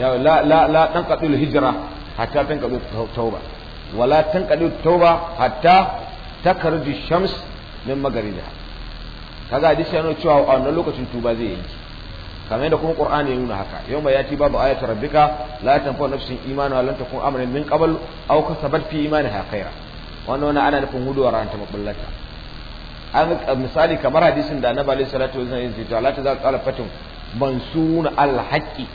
A: ya la la la dan qatul hijra hatta tanqadu tauba wala tanqadu tauba hatta takarju shams min magaribiha kaga hadisi yana cewa a wannan lokacin tuba zai yanki kamar yadda kuma qur'ani ya nuna haka Yau yawma yati babu ayatu rabbika la tanfa nafsin imanuha lam takun amran min qabl aw kasabat fi imaniha khaira wannan wani ana nufin huduwar ran ta makullata an misali kamar hadisin da annabi alaihi salatu wasallam ya ce la ta za qala fatun mansuna al haqqi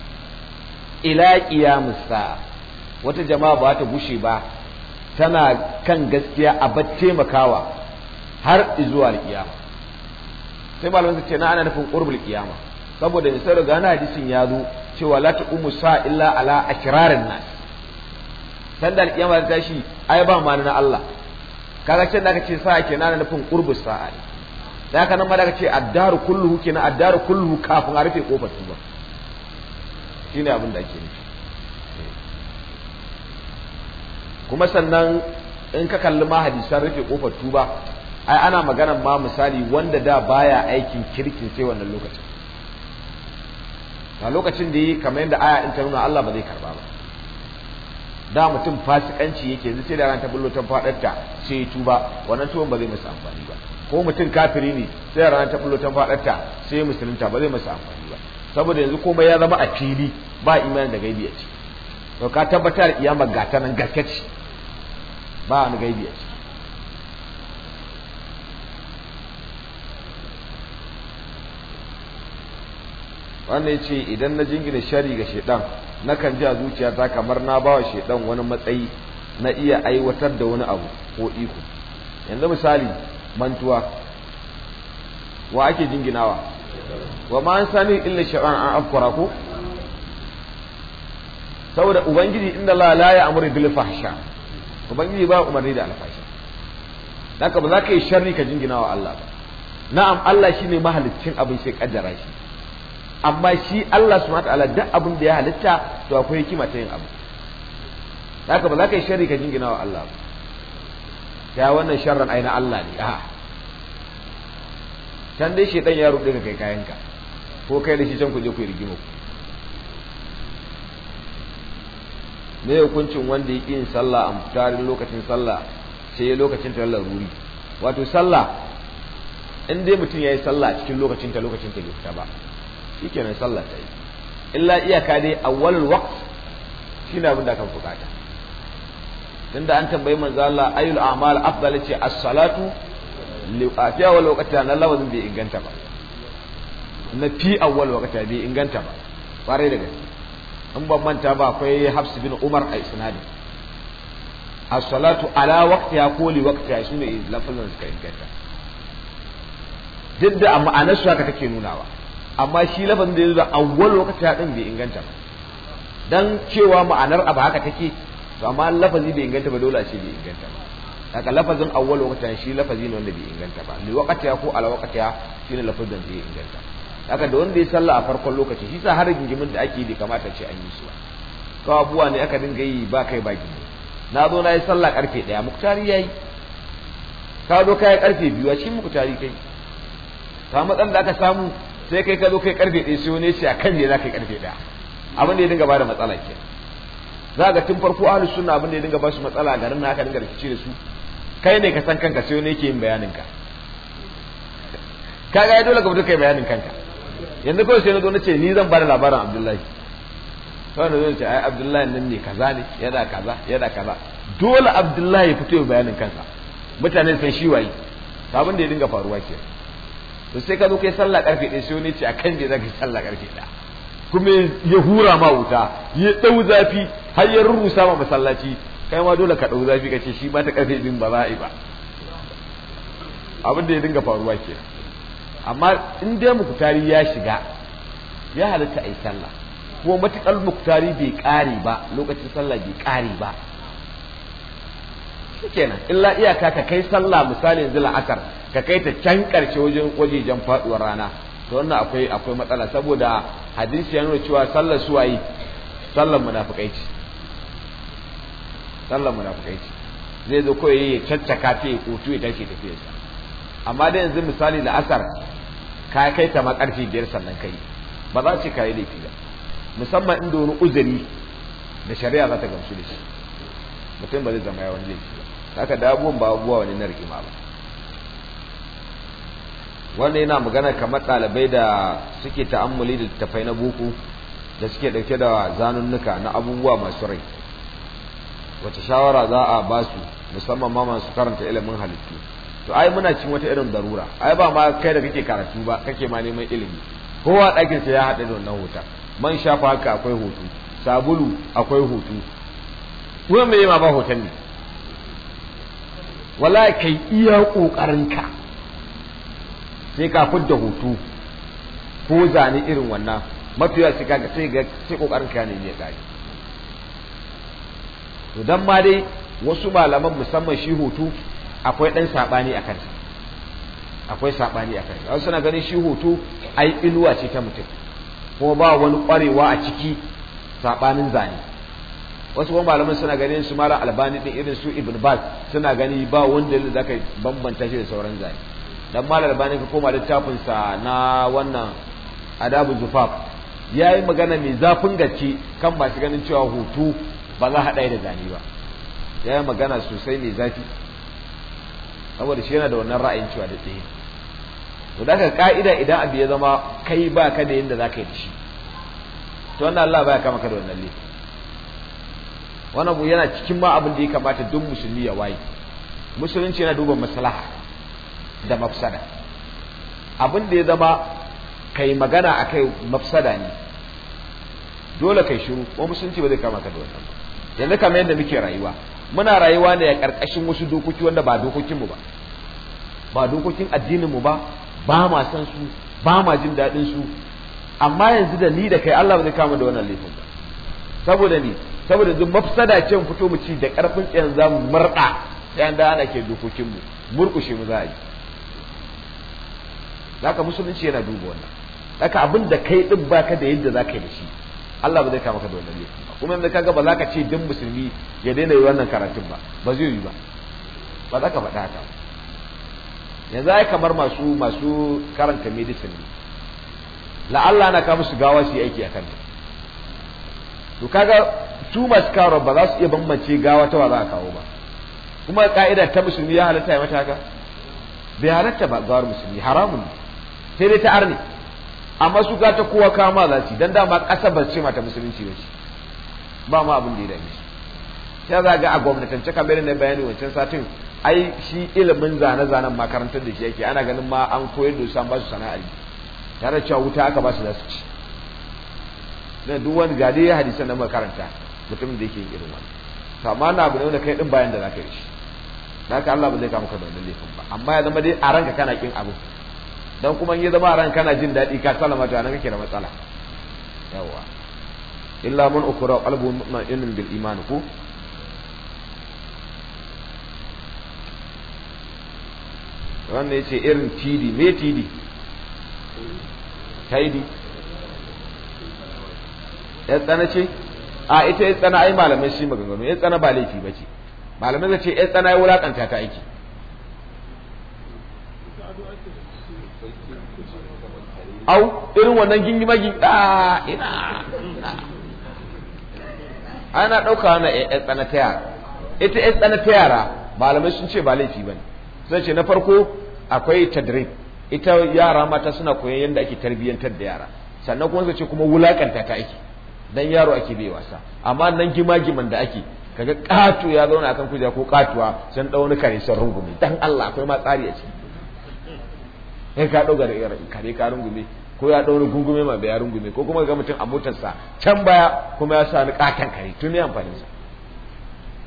A: ila qiyamus sa'a wata jama'a ba ta gushe ba tana kan gaskiya a bat taimakawa har zuwa alkiyama sai malamin ce na ana nufin qurbul kiyama saboda in sai daga na hadisin ya zo cewa la umu sa illa ala akrarin nas dan da alkiyama ta tashi ai ba ma na Allah kaga ce da kace ke na ana nufin qurbus sa'a da haka nan ma da kace addaru kulluhu kenan addaru kulluhu kafin a rufe kofar tuba shine abin da ake nufi kuma sannan in ka kalli ma hadisan rufe kofar tuba ai ana magana ma misali wanda da baya aikin kirkin sai wannan lokacin a lokacin da yi kamar yadda aya in ta nuna Allah ba zai karba ba da mutum fasikanci yake yanzu sai da ran ta bullo ta fadarta sai ya tuba wannan tuban ba zai masa amfani ba ko mutum kafiri ne sai da ran ta bullo ta fadarta sai musulunta ba zai masa amfani ba saboda yanzu komai ya zama a fili ba imanin da gaibi a ciki to ka tabbatar iyama gata nan gaske ce ba wani gaibi a ciki wannan ya ce idan na jingina shari ga shaidan kan ji a zuciyata kamar na ba wa shaidan wani matsayi na iya aiwatar da wani abu ko iko yanzu misali mantuwa wa ake jinginawa wa ma an sani illa shaidan an afkura ko saboda ubangiji inda la la ya amuri bil fahsha ubangiji ba umarni da alfasha ka ba za ka yi sharri ka jingina wa Allah ba na'am Allah shine mahaliccin abin sai kaddara shi amma shi Allah subhanahu ta'ala duk abin da ya halitta to akwai hikima ta yin abu ka ba za ka yi sharri ka jingina wa Allah ba ya wannan sharran aina Allah ne a can dai shedan ya rude ka kai kayanka ko kai da shi can ku je ku yi rigima ku me hukuncin wanda ya yin sallah a mutarin lokacin sallah sai ya lokacin ta ruri wato sallah in dai mutum ya yi sallah cikin lokacin ta lokacin ta bai fita ba kenan sallah ta yi illa iyaka dai awwalul waqt shine abin da kan bukata da an tambayi manzo Allah ayyul a'mal afdal ce as-salatu li afiya wal waqtiha nan lawazin bai inganta ba na fi awwal waqtiha bai inganta ba kwarai da gaske in ban manta ba akwai Hafs bin Umar a isnadin as-salatu ala waqtiha ko li waqtiha shine lafazin suka inganta duk da ma'anar su haka take nunawa amma shi lafazin da ya da awwal waqtiha din bai inganta ba dan cewa ma'anar abu haka take to amma lafazi bai inganta ba dole a ce bai inganta ba haka lafazin awwal waqtiha shi lafazi ne wanda bai inganta ba li waqtiha ko ala waqtiha shine lafazin da ya inganta haka da wanda ya sallah a farkon lokaci shi sa har rigimin da ake da kamata ce an yi su ka abuwa ne aka dinga yi ba kai ba gidi na zo na yi sallah karfe daya muktari ya yi ka zo kai karfe biyu a cikin muktari kai ka matsan da aka samu sai kai ka zo kai karfe daya sai wani ce a kan ne za kai karfe daya abin da ya dinga bada matsala ke za ga tun farko ahli sunna abin da ya dinga ba su matsala garin na aka dinga rikici da su kai ne ka san kanka sai wani yake yin bayanin ka kaga ya dole ka fito kai bayanin kanka yanzu kawai sai na zo na ce ni zan bada labarin abdullahi kawai na zo ce ai abdullahi nan ne kaza ne yana kaza yana kaza dole abdullahi ya fito ya bayanin kansa mutane sai shi waye sabon da ya dinga faruwa ke to sai ka zo kai sallah karfe ɗaya sai wani ce a kan me zaka sallah karfe ɗaya kuma ya hura ma wuta ya ɗau zafi har ya rurrusa ma masallaci kai ma dole ka ɗau zafi ka ce shi ma ta karfe ɗin ba za a yi ba abin da ya dinga faruwa kenan amma in dai mukutari ya shiga ya halitta a yi sallah kuma matukar muktari bai ƙare ba lokacin sallah bai ƙare ba nan illa iyaka ka kai sallah misali yanzu la'asar ka kai ta can ƙarshe wajen jan faɗuwar rana to wannan akwai akwai matsala saboda hadisi ya nuna cewa sallar suwayi sallar ce sallar munafikai ce zai zo kawai ya caccaka ta ya kotu ya tashi tafiyarsa amma da yanzu misali la'asar ka kai ta ma karfi biyar sannan kai ba za ce kayi laifi ba musamman inda wani uzuri da shari'a za ta gamsu da shi mutum ba zai zama yawan laifi ba haka ka abubuwan ba abubuwa wani na rikima ba wannan yana magana kamar ɗalibai da suke ta'ammuli da tafai na boko da suke ɗauke da zanunnuka na abubuwa masu rai wace shawara za a ba su musamman ma masu karanta ilimin halittu to ai muna cikin wata irin darura ai ba ma kai da kake karatu ba kake ma neman ilimi kowa ɗakin sa ya haɗa da wannan hoton man shafa haka akwai hoto sabulu akwai hoto kuma me ma ba hoton ne wallahi kai iya kokarin ka sai ka fudda hoto ko zane irin wannan yawa sai kaga sai ga sai kokarin ka ne ya kare to dan ma dai wasu malaman musamman shi hoto akwai ɗan saɓani a kansa akwai saɓani a kansa wasu suna ganin shi hoto ai inuwa ce ta mutum kuma ba wani ƙwarewa a ciki saɓanin zane wasu kuma malaman suna ganin su mara albani ɗin irin su ibn baz suna gani ba wanda da ka bambanta shi da sauran zane dan mara albani ka koma littafinsa na wannan adabu zufaf ya yi magana mai zafin gaske kan ba masu ganin cewa hoto ba za haɗa da zane ba ya yi magana sosai mai zafi saboda shi yana da wannan ra'ayin cewa da tsaye to daga ka'ida idan abu ya zama kai ba ka da yadda za ka yi da shi to wannan Allah baya kama ka da wannan laifi wannan abu yana cikin ma abin da ya kamata duk musulmi ya waye musulunci yana duba maslaha da mafsada abin da ya zama kai magana a kai mafsada ne dole kai shiru ko musulunci ba zai kama ka da wannan yanzu kamar yadda muke rayuwa muna rayuwa ne a ƙarƙashin wasu dokoki wanda ba dokokinmu ba ba dokokin addininmu ba ba ma san su ba ma jin daɗin su amma yanzu da ni da kai Allah ba zai kama da wannan laifin ba saboda ni saboda yanzu mafsada ce mu fito mu ci da ƙarfin tsayan za mu murɗa tsayan da ana ke dokokinmu murƙushe mu za a yi zaka musulunci yana duba wannan zaka abin da kai ɗin baka da yadda za yi da shi Allah ba zai kama ka da wannan laifin kuma yanzu kaga ba za ka ce duk musulmi ya daina yi wannan karatun ba ba zai yi ba ba za ka faɗa haka yanzu ai kamar masu masu karanta medicine ne la'alla na ka musu gawa su yi aiki akan ta to kaga su masu karo ba za su iya bambance gawa ta wa za a kawo ba kuma ka'ida ta musulmi ya halatta ya mata ka bai halatta ba gawar musulmi haramun ne sai dai ta arni amma su ga ta kowa kama za su dan dama ƙasa ba ce mata musulunci ba ce ba ma abin da ya dame shi ya zaga a gwamnatance kamar yadda bayani wancan satin ai shi ilimin zane-zanen makarantar da shi yake ana ganin ma an koyar da su an ba su sana'ar tare cewa wuta aka ba su za su ci na duk wani gade ya hadisan na makaranta mutumin da yake irin wani to amma na abu ne wanda kai din bayan da za ka yi shi ka Allah ba zai kama ka da laifin ba amma ya zama dai a ranka kana kin abu dan kuma in ya zama a ranka kana jin daɗi ka salama to nan kake da matsala yawwa illa man ukura qalbu mutma'innin bil iman ko wannan yace irin tidi me tidi taidi ya tsana ce a ita ya tsana ai malamai shi maganganu ya tsana ba laifi bace malamai zace ya tsana ya wulakanta ta aiki au irin wannan gingima gingima ah,
B: ina ana ɗauka na
A: yan tsana ta yara ita yan tsana ta yara malamai sun ce ba laifi ba ne. sun ce na farko akwai tadrin. ita yara mata suna koyon yadda ake tarbiyyantar da yara sannan kuma ce kuma wulakanta ta ake dan yaro ake bai wasa amma nan gima-giman da ake kaga ƙatu ya zauna akan kuja ko ƙatuwa, sun ɗau wani kare sun rungume dan Allah akwai ma tsari a ciki sai ka dauka da kare ka rungume ko ya ɗaure gungume ma bai rungume ko kuma ga mutum a motarsa can baya kuma ya sami katon kare tun ya amfanin sa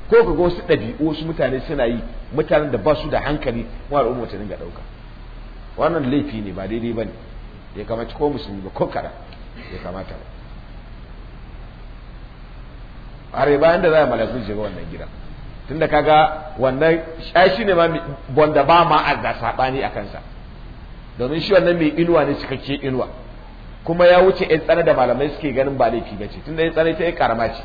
A: ko ka ga wasu ɗabi'u wasu mutane suna yi mutanen da ba su da hankali kuma al'umma ta dinga ɗauka wannan laifi ne ba daidai ba ne ya kamata ko musulmi ba ko kara ya kamata ba are bayan da za a malaku shiga wannan gida tunda kaga wannan shashi ne ma wanda ba ma da saɓani a kansa domin shi wannan mai inuwa ne cikakke inuwa kuma ya wuce yan tsana da malamai suke ganin ba laifi ba ce tun da yan tsana ta yi karama ce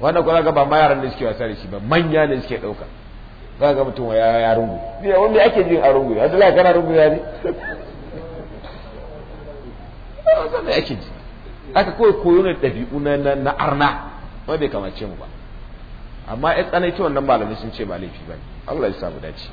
A: wannan kuma ga ba ma yaran da suke wasa da shi ba manya ne suke ɗauka za ga mutum ya ya rungu ne wanda ake jin a rungu ya dala kana rungu ya ne wannan da ake ji aka kawai koyo ne ɗabi'u na arna ba bai kamace mu ba amma yan tsana ita wannan malamai sun ce ba laifi ba ne Allah ya samu dace